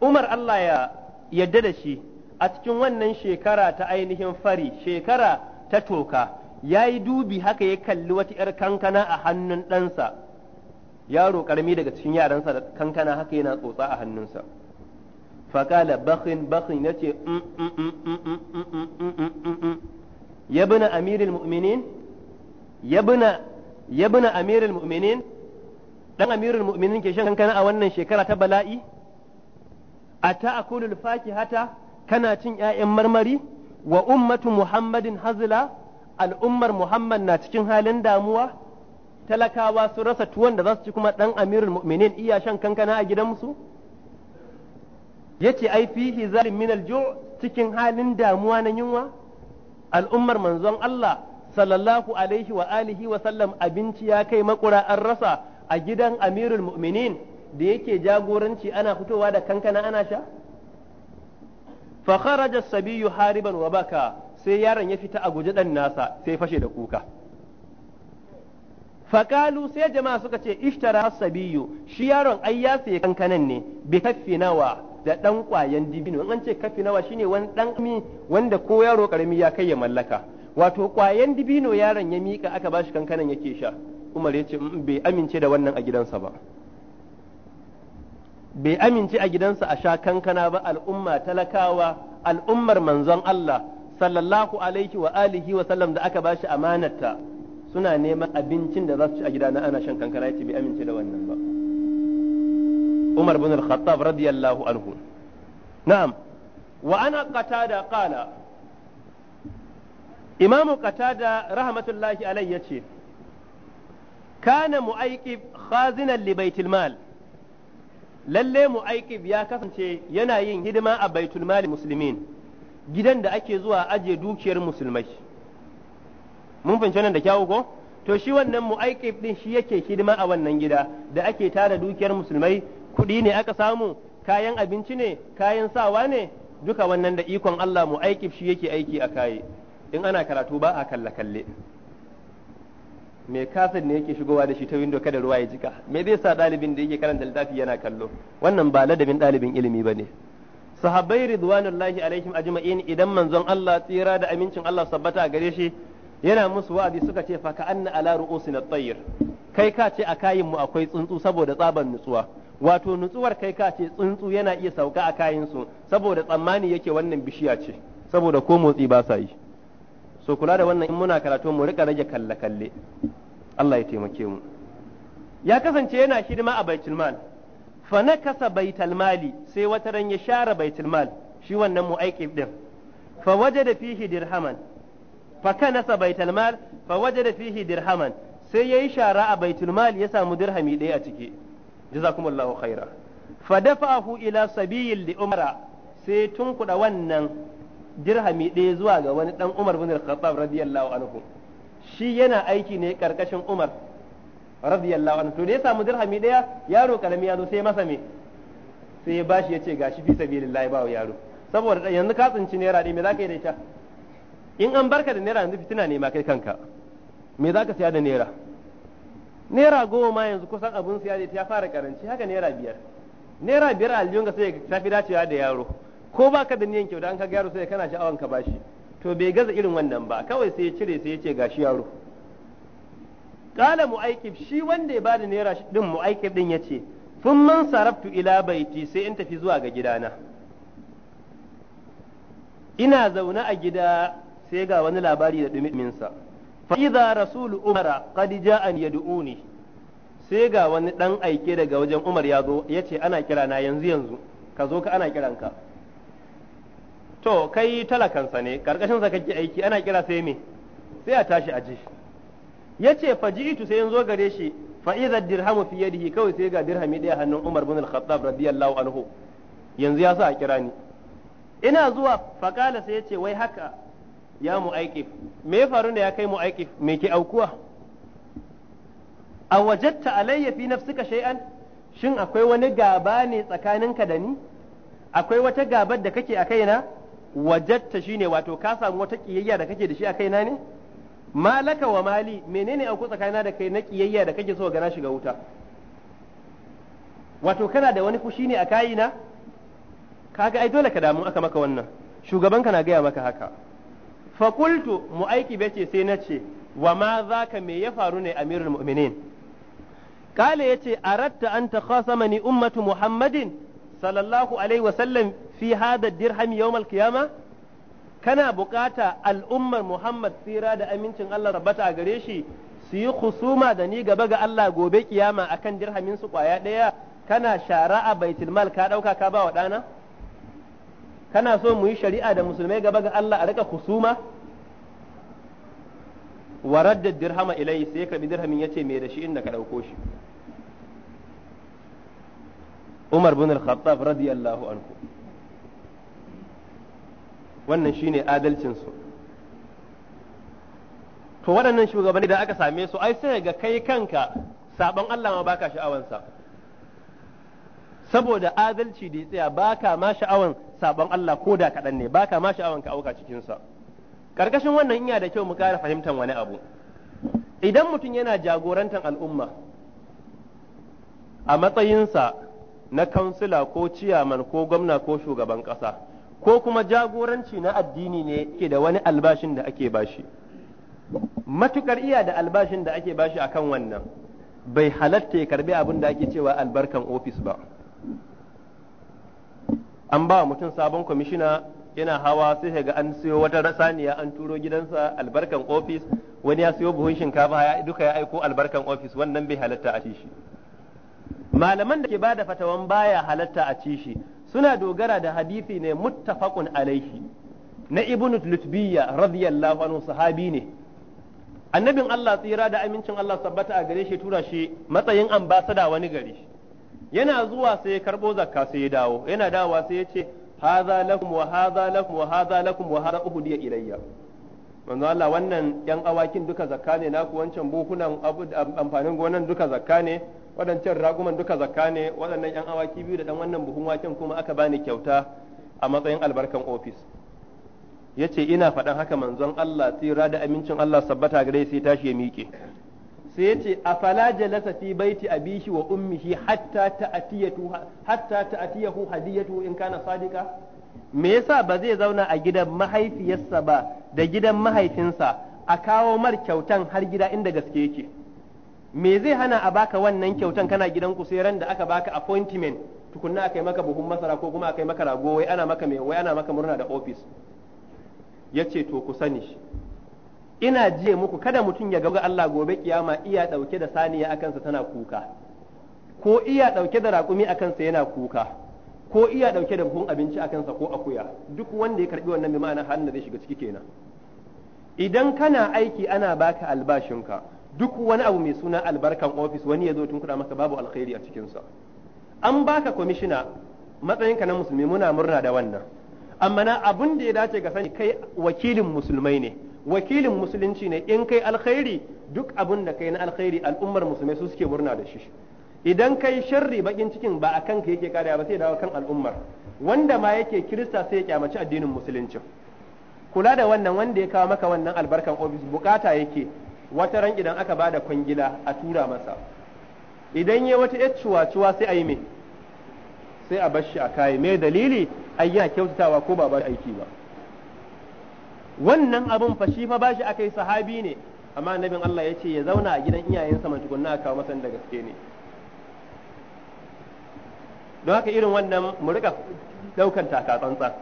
umar Allah ya yadda da shi a cikin wannan shekara ta ainihin fari shekara ta toka yayi dubi haka ya kalli wata yar kankana a hannun ɗansa yaro karami daga cikin yaransa da kankana haka yana tsotsa a hannunsa فقال بخن بخن يتي يا ابن أمير المؤمنين يا ابن يا ابن أمير المؤمنين dan amirul mu'minin ke shan kankana a wannan shekara ta bala'i ata akulul fakihata kana cin ƴaƴan marmari wa ummatu muhammadin hazla al'ummar muhammad na cikin halin damuwa talakawa su rasa tuwon da za su ci kuma dan amirul mu'minin iya shan kankana a gidan gidansu ya ce ai fihi zalim min al-ju' cikin halin damuwa na yunwa al'ummar manzon Allah sallallahu alaihi wa alihi wa sallam abinci ya kai makura an rasa a gidan amirul mu'minin da yake jagoranci ana fitowa da kankana ana sha fa kharaja sabiyyu hariban wa baka sai yaron ya fita a guje dan nasa sai fashe da kuka fakalu sai jama'a suka ce ishtara sabiyu shi yaron ai ya sayi kankanan ne bi nawa da ɗan kwayan dibino in an ce kafi nawa shine wani dan mi wanda ko yaro karami ya kai ya mallaka wato kwayan dibino yaron ya mika aka bashi kankanan yake sha Umar ya ce mm, mm, bai amince da wannan a gidansa ba bai amince a gidansa a sha kankana ba al'umma talakawa al'ummar manzon Allah sallallahu alaihi wa alihi wa sallam da aka bashi amanarta suna neman abincin da za su ci a gidana ana shan kankana ya ce bai amince da wannan ba Umar bin الخطاب رضي الله anhu na'am wa ana قال qala imamu qatada rahmatullahi عليه yace kana mu'aykib khazinan li baitil mal lalle ya kasance yana yin hidima a baitul mal muslimin gidan da ake zuwa aje dukiyar musulmai mun fahimci nan da kyawu ko to shi wannan mu'aikib din shi yake hidima a wannan gida da ake tara dukiyar musulmai kuɗi ne aka samu kayan abinci ne kayan sawa ne duka wannan da ikon Allah mu aiki shi yake aiki a kayi. in ana karatu ba a kalle kalle Me kasar ne yake shigowa da shi ta windo kada ruwa ya jika me zai sa ɗalibin da yake karanta littafi yana kallo wannan ba ladabin ɗalibin ilimi ba ne sahabbai ridwanullahi alaihim ajma'in idan manzon Allah tsira da amincin Allah sabbata a gare shi yana musu wa'azi suka ce fa anna ala ru'usina tayyir kai ka ce a kayin mu akwai tsuntsu saboda tsaban nutsuwa wato nutsuwar kai ka ce tsuntsu yana iya sauka a kayansu saboda tsammani yake wannan bishiya ce saboda ko motsi ba sa yi so kula da wannan in muna karatu mu rika rage kalle kalle Allah ya taimake mu ya kasance yana hidima a baitul mal fa nakasa baitul mali sai wata ran ya share baitul mal shi wannan mu aiki din fa wajada fihi dirhaman fa kanasa baitul mal fa wajada fihi dirhaman sai yayi shara a baitul mal ya samu dirhami ɗaya a ciki jazakumullahu khaira fa dafa'ahu ila sabiyin li umara sai tun kuɗa wannan dirhami ɗaya zuwa ga wani ɗan Umar bin Al-Khattab radiyallahu anhu shi yana aiki ne karkashin Umar radiyallahu anhu to da ya samu dirhami ɗaya yaro karami ya zo sai masa me sai ya bashi ya ce gashi fi sabilillahi ba yaro saboda yanzu ka tsinci naira ɗaya me zaka yi da ita in an barka da naira yanzu fitina ne ma kai kanka me zaka siya da naira naira goma ma yanzu kusan abun siya da ya fara karanci haka naira biyar naira biyar aljihun ka sai ta fi dacewa da yaro ko ba ka da niyan kyau da an ka yaro sai kana sha'awan ka bashi to bai gaza irin wannan ba kawai sai ya cire sai ya ce gashi yaro kala mu'aikib shi wanda ya bada naira din mu'aikib din yace fun man sarabtu ila baiti sai in tafi zuwa ga gidana ina zaune a gida sai ga wani labari da dumi sa fa'iza rasul umara qad ja'an yad'uni sai ga wani dan aike daga wajen umar ya zo ya ce ana kira na yanzu yanzu ka zo ka ana kiranka to kai talakansa ne karkashin sa kake aiki ana kira sai me sai a tashi a ji ya ce faji'tu sai yanzu gare shi fa'iza dirhamu fi yadihi kawai sai ga dirhami daya hannun umar bin al-khattab radiyallahu anhu yanzu ya sa a kira ni ina zuwa faƙala sai ya ce wai haka ya mu'aikif me faru ne ya kai mu'aikif me ke aukuwa a wajatta alayya fi nafsika shay'an shin akwai wani gaba ne tsakaninka da ni akwai wata gabar da kake a kaina wajatta shine wato ka samu wata kiyayya da kake da shi a kaina ne malaka wa mali menene auku tsakanina da kai na kiyayya da kake so ga na shiga wuta wato kana da wani fushi ne a kayina kaga ai dole ka damu aka maka wannan shugabanka na gaya maka haka fakultu mu aiki bace sai na ce wa ma ka me ya faru ne amirul mu'minin kale a ratta an ni ummatu muhammadin sallallahu alaihi wa fi hada dirham yawm al kana bukata al'ummar muhammad tsira da amincin Allah rabata a gare shi su yi husuma da ni gaba ga Allah gobe kiyama akan dirhamin su kwaya daya kana shara baitul mal ka dauka ka ba wa dana kana so mu yi shari'a da musulmai gaba ga Allah a rika kusuma wa raddad dirhama ilai sai ka bi dirhamin yace me da shi inda ka dauko shi Umar bin Al-Khattab radiyallahu anhu wannan shine adalcin su to waɗannan shugabanni da aka same su ai sai ga kai kanka sabon Allah ma baka sha'awansa saboda adalci da ya tsaya ba ka ma sha'awan sabon Allah ko da kaɗan ne ba ka ma sha'awan ka auka cikinsa sa karkashin wannan iya da kyau mu ƙara fahimtar wani abu idan mutum yana jagorantar al'umma a matsayinsa na kansila ko ciyaman ko gwamna ko shugaban ƙasa ko kuma jagoranci na addini ne ke da wani albashin da ake bashi matukar iya da albashin da ake bashi akan wannan bai halatta ya karbi abin da ake cewa albarkan ofis ba an ba mutum sabon kwamishina yana hawa sai ga an siyo wata saniya an turo gidansa albarkan ofis wani ya siyo buhun shinkafa ya duka ya aiko albarkan ofis wannan bai halatta a shi malaman da ke bada fatawan baya halatta a cishi suna dogara da hadisi ne muttafaqun alaihi na ibn lutbiya radiyallahu anhu sahabi ne annabin Allah tsira da amincin Allah sabbata a gare shi tura shi matsayin ambasada wani gari yana zuwa sai ya karbo zakka sai ya dawo yana dawowa sai ya ce hadha lakum wa hadha lakum wa hadha lakum wa hadha uhudiya ilayya manzo Allah wannan yan awakin duka zakka ne naku wancan bokunan amfanin gonan duka zakka ne waɗancan raguman duka zakka ne waɗannan yan awaki biyu da dan wannan buhun waken kuma aka bani kyauta a matsayin albarkan ofis yace ina faɗan haka manzon Allah tsira da amincin Allah sabbata gare sai tashi ya miƙe sai yace a jalasa fi baiti bishi wa ummihi hatta ta'tiyatu hadiyatu in kana sadiqa me yasa ba zai zauna a gidan mahaifiyarsa ba da gidan mahaifinsa a kawo mar kyautan har gida inda gaske yake me zai hana a baka wannan kyautan kana gidan ku sai ran da aka baka appointment tukunna aka yi maka buhun masara ko kuma aka yi maka rago wai ana maka murna da office yace to ku sani ina jiye muku kada mutum ya ga Allah gobe kiyama iya ɗauke da saniya a kansa tana kuka ko iya ɗauke da raƙumi a kansa yana kuka ko iya ɗauke da buhun abinci a kansa ko akuya duk wanda ya karbi wannan bi ma'ana halin da zai shiga ciki kenan idan kana aiki ana baka albashinka duk wani abu mai suna albarkan ofis wani ya zo tun kuɗa maka babu alkhairi a cikinsa an baka kwamishina matsayin ka na musulmi muna murna da wannan amma na abun da ya dace ka sani kai wakilin musulmai ne wakilin musulunci ne in kai alkhairi duk abin da kai na alkhairi al'ummar musulmai su suke murna da shi idan kai sharri bakin cikin ba a kanka yake kariya ba sai dawo kan al'ummar wanda ma yake kirista sai ya kyamaci addinin musulunci kula da wannan wanda ya kawo maka wannan albarkan ofis bukata yake wata ran idan aka bada kwangila a tura masa idan ya wata yar cuwa-cuwa sai a yi me sai a bar shi a kai mai dalili ai yana kyautatawa ko ba ba aiki ba wannan abun fa shi fa bashi akai sahabi ne amma annabin Allah ya ce ya zauna a gidan iyayensa man tukunna kawo masa da gaske ne don haka irin wannan mu rika daukan takatsantsa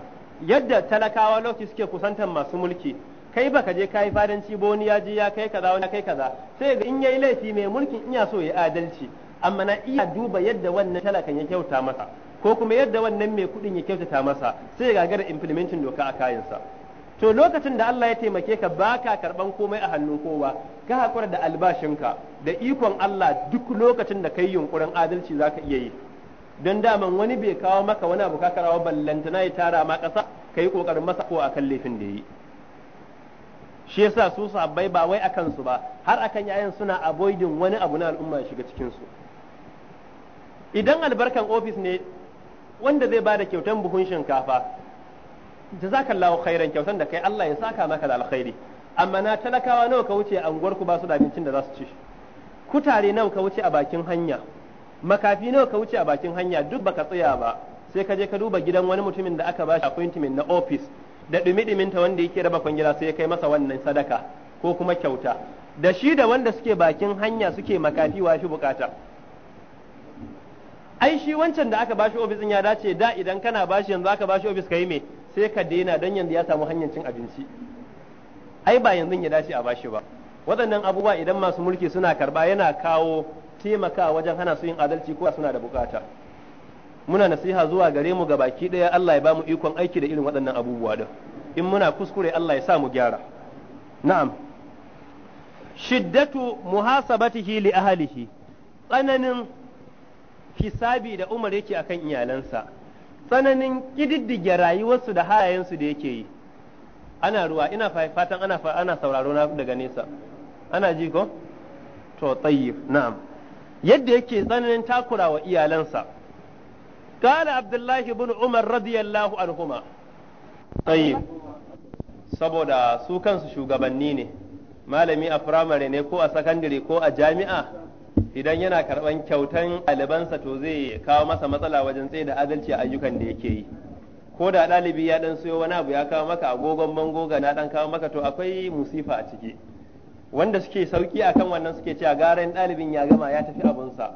yadda talakawa lokaci suke kusantar masu mulki kai baka je kai fadanci ba wani ya je ya kai kaza wani kai kaza sai ga in yayi laifi mai mulkin iya so ya adalci amma na iya duba yadda wannan talakan ya kyauta masa ko kuma yadda wannan mai kudin ya kyautata masa sai ga gara implementing doka a kayansa to lokacin da Allah ya taimake ka baka karban komai a hannun kowa ka hakura da albashinka da ikon Allah duk lokacin da kai yunkurin adalci zaka iya yi don daman wani bai kawo maka wani abu ka karawa ballantana ya tara ma ƙasa ka yi ƙoƙarin masa ko akan laifin da yi shi yasa su sahabbai ba wai akan su ba har akan yayan suna avoiding wani abu na al'umma ya shiga cikin su idan albarkan ofis ne wanda zai bada kyautan buhun shinkafa jazakallahu khairan kyautan da kai Allah ya saka maka da alkhairi amma na talakawa nawa ka wuce a unguwar ku ba su da abincin da za su ci kutare nawa ka wuce a bakin hanya makafi nawa ka wuce a bakin hanya duk baka tsaya ba sai ka je ka duba gidan wani mutumin da aka bashi appointment na office da dumi-dumin ta wanda yake raba kwangila sai ya kai masa wannan sadaka ko kuma kyauta da shi da wanda suke bakin hanya suke makafi wa shi bukata ai shi wancan da aka bashi ofis ya dace da idan kana bashi yanzu aka bashi ofis kai me sai ka daina don yanzu ya samu hanyar cin abinci ai ba yanzu ya dace a bashi ba waɗannan abubuwa idan masu mulki suna karba yana kawo taimakawa wajen hana su yin adalci ko suna da bukata muna nasiha zuwa gare mu ga baki ɗaya Allah ya bamu ikon aiki da irin waɗannan abubuwa din in muna kuskure Allah ya sa mu gyara na'am shiddatu muhasabatihi li ahlihi tsananin hisabi da Umar yake akan iyalansa tsananin ƙididdige rayuwarsu da halayensu da yake yi ana ruwa ina fatan ana ana sauraro na daga nesa ana ji ko to tayyib na'am yadda yake tsananin takura wa iyalansa Kale Abdullahi الله Umar radiyallahu رضي الله saboda su kansu shugabanni ne malami a firamare ne ko a sakandare ko a jami'a idan yana karban kyautan ɗalibansa to zai kawo masa matsala wajen tsaye da adalci a ayyukan da yake yi ko da ɗalibi ya dan siyo wani abu ya kawo maka agogon bango ga na ɗan kawo maka to akwai musifa a ciki wanda suke sauki akan wannan suke cewa garan ɗalibin ya gama ya tafi abunsa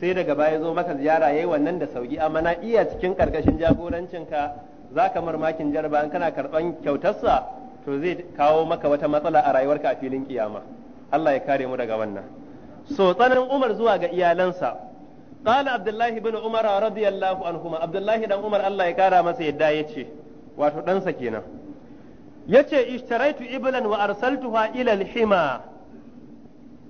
sai daga baya zo maka ziyara yayi wannan da sauki amma na iya cikin karkashin jagorancinka zaka marmakin jarba in kana karban kyautarsa to zai kawo maka wata matsala a rayuwarka a filin kiyama Allah ya kare mu daga wannan so tsanan Umar zuwa ga iyalansa qala Abdullahi bin Umar radiyallahu anhu ma Abdullahi dan Umar Allah ya kara masa yadda yace wato ɗansa kenan yace ishtaraitu iblan wa arsaltuha ila al-hima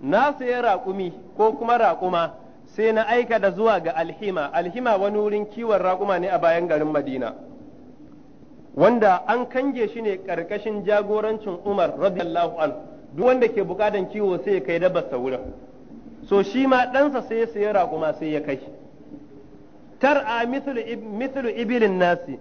na saya raƙumi ko kuma raƙuma sai na aika da zuwa ga alhima alhima wani wurin kiwon raƙuma ne a bayan garin madina wanda an kange shi ne ƙarƙashin jagorancin umar radiyallahu an duk wanda ke bukatan kiwo sai ya kai sa wurin so shi ma ɗansa sai ya sayi raƙuma sai ya kai tar a mithlu ibilin nasi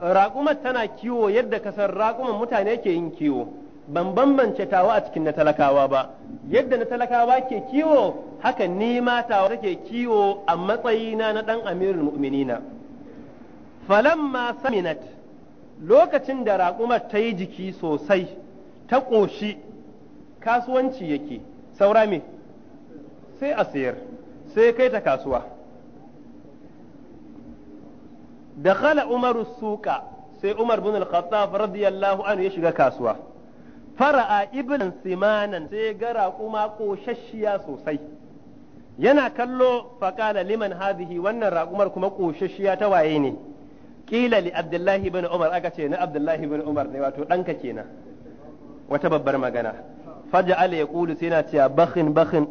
raƙumar tana kiwo yadda kasar raƙuman mutane ke yin kiwo ban bambance tawa a cikin na talakawa ba yadda na talakawa ke kiwo haka ni ma tawa take kiwo a matsayina na ɗan amirin mu'minina ma saminat lokacin da raƙumar ta yi jiki sosai ta ƙoshi kasuwanci yake saura me sai a sayar sai kai ta kasuwa da khala umaru suka sai umar bin al-khattab radiyallahu anhu ya shiga kasuwa fara'a ibn simanan sai gara kuma koshashiya sosai yana kallo faqala liman hadhihi wannan raƙumar kuma koshashiya ta waye ne kila li abdullahi bin umar aka ce na abdullahi bin umar ne wato danka kenan wata babbar magana faja'al ya kulu sai na cewa bakhin bakhin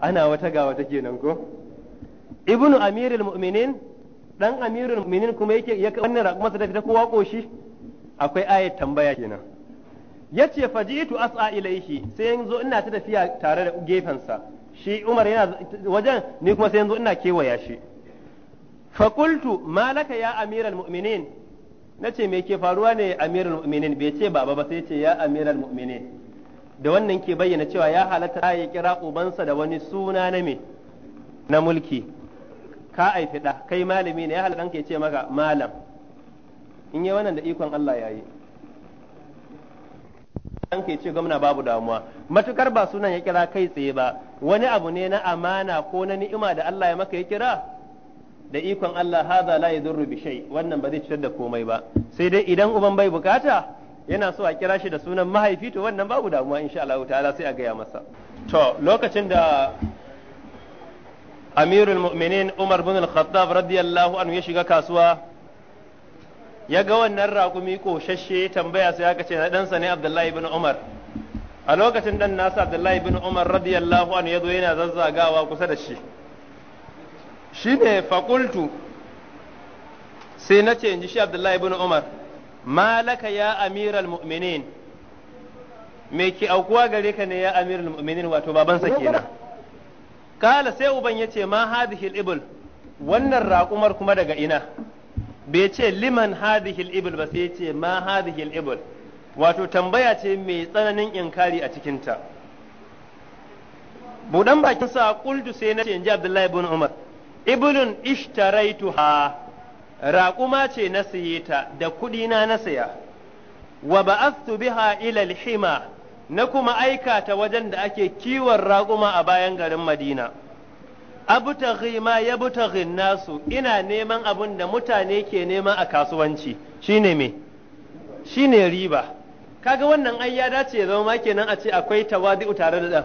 ana wata gawa wata kenan ko ibnu amirul mu'minin dan amirul mu'minin kuma yake ya wannan raƙuma ta fita kowa koshi akwai ayat tambaya kenan yace faji'tu as'a ilaihi sai yanzu ina ta tafiya tare da gefensa shi Umar yana wajen ni kuma sai yanzu ina kewaya shi Fa ما malaka ya أمير المؤمنين na ce me ke faruwa ne amirul mu'minin bai ce baba ba sai ce ya amirul mu'minin da wannan ke bayyana cewa ya halatta ya kira ubansa da wani suna na me na mulki ka aifi da kai malami ne ya halatta ya ce maka malam in yi wannan da ikon Allah ya yi an ke ce gwamna babu damuwa matukar ba sunan ya kira kai tsaye ba wani abu ne na amana ko na ni'ima da Allah ya maka ya kira da ikon Allah haza la ya bi bishai wannan ba zai cutar da komai ba sai dai idan uban bai bukata yana so a kira shi da sunan mahaifi to wannan babu damuwa insha Allah ta'ala sai a gaya masa to lokacin da Amirul Mu'minin Umar bin Al-Khattab radiyallahu anhu ya shiga kasuwa ya ga wannan raƙumi koshashe tambaya sai aka ce na ɗansa ne Abdullahi bin Umar a lokacin ɗan nasa Abdullahi bin Umar radiyallahu anhu ya zo yana zazzagawa kusa da shi shine fakultu sai na ce in ji shi abdullahi ibn umar malaka ya amiral mu'minin me ki aukuwa gare ka ne ya amiral mu'minin wato babansa kenan kala sai uban ya ce ma hadhihi ibul wannan raƙumar kuma daga ina bai ce liman hadhihi ibul ba sai ce ma hadhihi ibul wato tambaya ce mai tsananin inkari a cikinta budan bakin sa Kultu sai na ce in ji abdullahi ibn umar iblun ishtaraituha raƙuma ce na siye ta da kuɗi na na saya wa ba'astu biha ila al-hima na kuma aika ta wajen da ake kiwon raƙuma a bayan garin Madina abtaghi ma yabtaghi nasu ina neman abun da mutane ke nema a kasuwanci shine me shine riba kaga wannan ai ya dace zama kenan a ce akwai tawadi'u tare da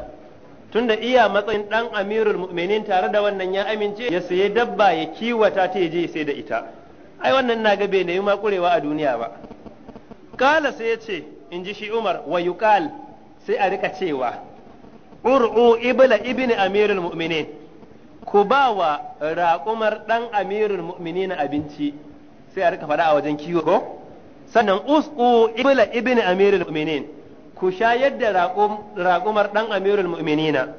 tunda iya matsayin dan amirul mu'minin tare da wannan ya amince ya saye dabba ya kiwata ta je sai da ita ai wannan na ga bai nemi kurewa a duniya ba kala sai ya ce in ji shi umar wa yuqal sai a rika cewa ur'u ibla ibn amirul mu'minin ku ba wa raƙumar dan amirul mu'minin abinci sai a rika fada a wajen kiwo ko sannan us'u ibla ibn amirul mu'minin ku sha yadda raƙumar ɗan amirul mu'minina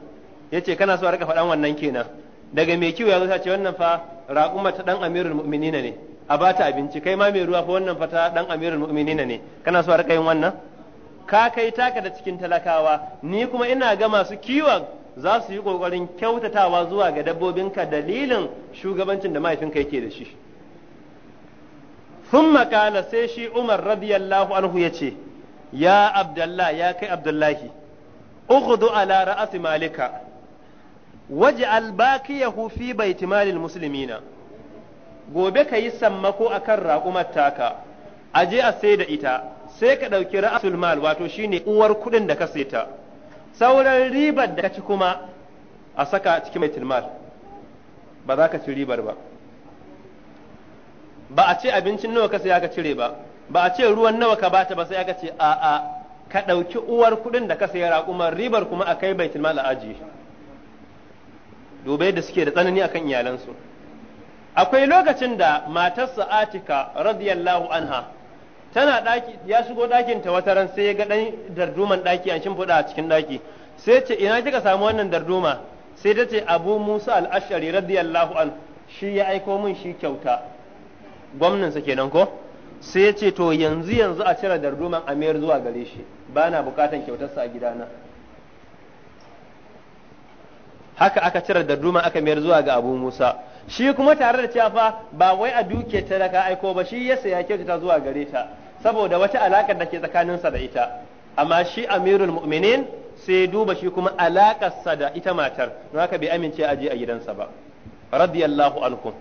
ce kana so a rika faɗan wannan kenan daga mai kiwo ya zo ce wannan fa raƙumar ta ɗan amirul mu'minina ne a ba ta abinci kai ma mai ruwa fa wannan fa ta ɗan amirul mu'minina ne kana so a rika yin wannan ka kai taka da cikin talakawa ni kuma ina ga masu kiwon za su yi kokarin kyautatawa zuwa ga dabbobinka dalilin shugabancin da mahaifinka yake da shi. Sun makala sai shi Umar radiyallahu anhu ya ce, ya abdullah ya kai abdullahi ukhdu ala ra'si malika waj'al baqiyahu fi baiti malil muslimina gobe ka yi sammako akan raƙumar taka aje a sai da ita sai ka ɗauki ra'asul mal wato shine uwar kuɗin da ka saita sauran ribar da ka ci kuma a saka cikin baitul mal ba za ka ci ribar ba ba a ce abincin nawa ka sai ka cire ba ba a ce ruwan nawa ka bata ba sai aka ce a a ka ɗauki uwar kuɗin da ka sayi umar ribar kuma a kai baitul mal aji dubai da suke da tsanani akan iyalansu akwai lokacin da matarsa Atika radiyallahu anha tana daki ya shigo ɗakin ta wata ran sai ya ga ɗan darduman ɗaki an shimfiɗa a cikin ɗaki sai ce ina kika samu wannan darduma sai ta ce Abu Musa al-Ash'ari radiyallahu an shi ya aiko min shi kyauta gwamnan sa kenan ko sai ya ce to yanzu yanzu a cire darduman a mayar zuwa gare shi ba na bukatan kyautarsa a gidana haka aka cire darduman aka mayar zuwa ga abu musa shi kuma tare da cewa fa ba wai a duke talaka aiko ba shi ya saya kyautata zuwa gare ta saboda wata alakar da ke tsakaninsa da ita amma shi amirul mu'minin sai duba shi kuma alakarsa da ita matar don haka bai amince a je a gidansa ba radiyallahu anhu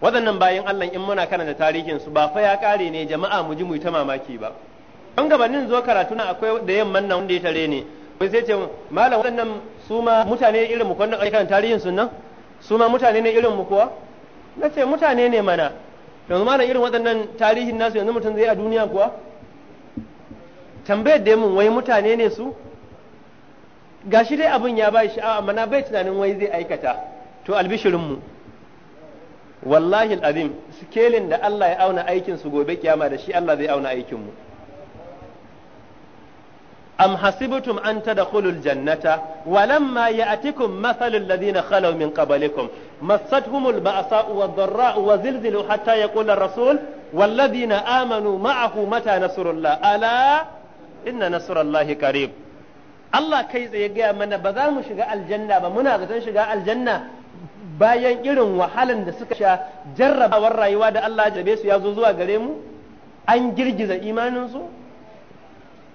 waɗannan bayan Allah in muna karanta tarihin su ba fa ya kare ne jama'a mu ji mu ta mamaki ba don gabanin zo karatu na akwai da yamman nan wanda ya tare ne wai sai ce malam waɗannan su ma mutane irin mu kwanda aikan tarihin su nan su ma mutane ne irin mu kuwa na ce mutane ne mana yanzu malam irin waɗannan tarihin nasu yanzu mutum zai a duniya kuwa tambayar da mun wai mutane ne su gashi dai abin ya bai sha'awa amma na bai tunanin wai zai aikata to albishirin mu wallahi azim sikelin da Allah ya auna aikin su gobe kiyama da shi Allah zai auna aikin mu am hasibtum an tadkhulul jannata walamma ya'tikum mathalul ladina khalaw min qablikum massatuhumul ba'sa'u wad-dharra'u wa zilzilu hatta yaqula ar-rasul walladina amanu ma'ahu mata nasrullah ala inna nasrullahi qarib Allah kai tsaye gaya mana ba za mu shiga aljanna ba muna zaton shiga aljanna bayan irin wahalan da suka sha jarrabawar rayuwa da Allah ya jabe su ya zo zuwa gare mu an girgiza imanin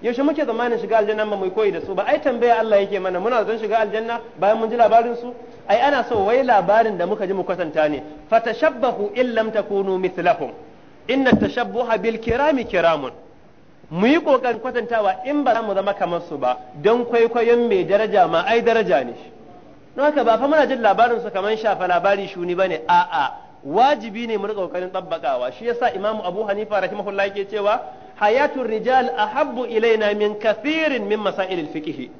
yaushe muke zamanin shiga aljanna ba mai koyi da su ba ai tambaya Allah yake mana muna zan shiga aljanna bayan mun ji labarin su ai ana so wai labarin da muka ji mu kwatanta ne fatashabbahu in lam takunu mithlahum inna tashabbuha bil kirami kiramun mu yi kokarin kwatantawa in ba za mu zama kamar su ba don kwaikwayon mai daraja ma ai daraja ne shi don haka ba fa muna jin labarin su kamar shafa labari shuni bane a'a wajibi ne mu rika kokarin tabbakawa shi yasa imamu abu hanifa rahimahullahi ke cewa hayatul rijal ahabbu ilaina min kathirin min masailil fiqh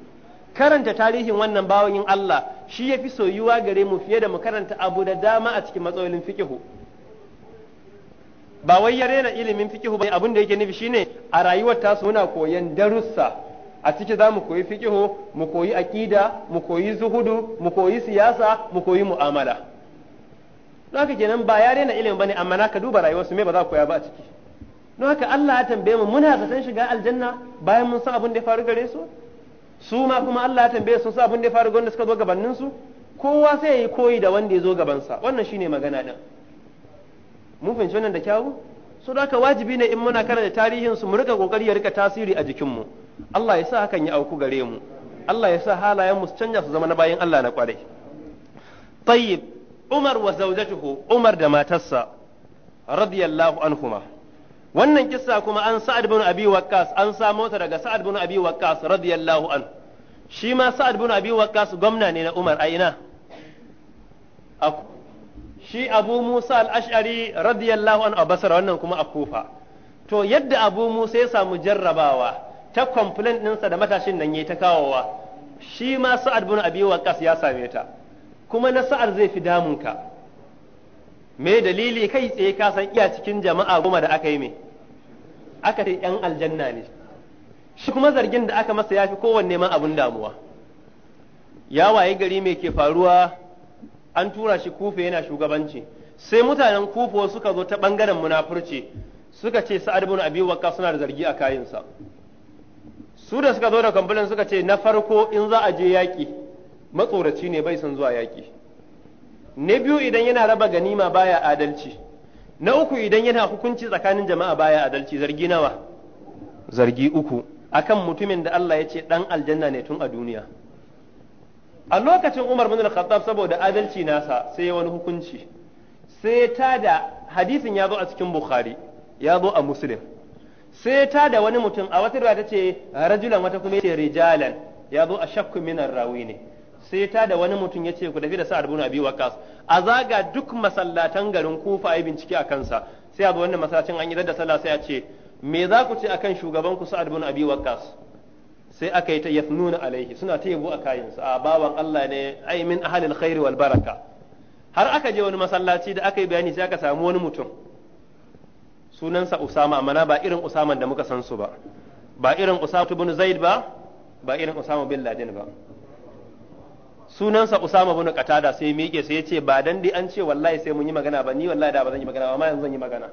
karanta tarihin wannan bawoyin Allah shi yafi soyuwa gare mu fiye da mu karanta abu da dama a cikin matsalolin fiqh ba wai ya rena ilimin fiqh ba abin da yake nufi shine a rayuwar tasu muna koyan darussa a ciki za mu koyi fiqihu mu koyi aƙida, mu koyi zuhudu mu koyi siyasa mu koyi mu'amala don haka kenan ba ya rena ilimi bane amma na ka duba rayuwarsu me ba za ku koya ba a ciki don haka Allah ya tambaye mu muna zaton shiga aljanna bayan mun san abin da ya faru gare su su ma kuma Allah ya tambaye sun san abin da ya faru gare suka zo gabanin su kowa sai ya yi koyi da wanda ya zo gabansa wannan shine magana din mun fahimci wannan da kyawu so da haka wajibi ne in muna karanta tarihin su mu rika kokari ya rika tasiri a jikinmu mu Allah ya sa hakan ya auku gare mu Allah ya sa halayen mu su canja su zama na bayan Allah na kwarai tayyib Umar wa zawjatuhu Umar da matarsa radiyallahu anhuma wannan kissa kuma an Sa'ad bin Abi Waqqas an samo ta daga Sa'ad bin Abi Waqqas radiyallahu anhu shi ma Sa'ad bin Abi Waqqas gwamna ne na Umar a ina shi Abu Musa al-Ash'ari radiyallahu anhu a Basra wannan kuma a Kufa to yadda Abu Musa ya samu jarrabawa ta complaint ɗinsa da matashin nan yayi ta kawowa shi ma sa'ad bin abi waqas ya same ta kuma na sa'ad zai fi damun ka me dalili kai tsaye ka san iya cikin jama'a goma da aka yi me aka ce yan aljanna ne shi kuma zargin da aka masa yafi kowanne ma abun damuwa ya waye gari me ke faruwa an tura shi kufa yana shugabanci sai mutanen kufa suka zo ta bangaren munafurci suka ce sa'ad bin abi waqas suna da zargi a kayinsa su da suka zo da kambulan suka ce na farko in za a je yaƙi matsoraci ne bai son zuwa yaƙi na biyu idan yana raba ganima baya adalci na uku idan yana hukunci tsakanin jama'a baya adalci zargi nawa zargi uku akan mutumin da Allah ya ce dan aljanna ne tun a duniya a lokacin Umar bin Al-Khattab saboda adalci nasa sai wani hukunci sai ta da hadisin ya zo a cikin Bukhari ya zo a Muslim sai ta da wani mutum a wata riwaya tace rajulan wata kuma yace rijalan ya zo a shakku minar rawi ne sai ta da wani mutum yace ku tafi da sa'ad ibn abi waqas a zaga duk masallatan garin kufa ai bincike a kansa sai a zo wannan masallacin an yi da sallah sai a ce me za ku ce akan shugaban ku sa'ad ibn abi waqas sai aka yi ta yafnuna alaihi suna ta yabo a kayansa a bawan Allah ne ai min ahlil khair wal baraka har aka je wani masallaci da aka yi bayani sai aka samu wani mutum sunansa Usama amma ba irin Usama da muka san su ba ba irin Usama ibn Zaid ba ba irin Usama bin Laden ba sunansa Usama bin Qatada sai miƙe sai yace ba dan dai an ce wallahi sai mun yi magana ba ni wallahi da ba zan yi magana ba amma yanzu zan yi magana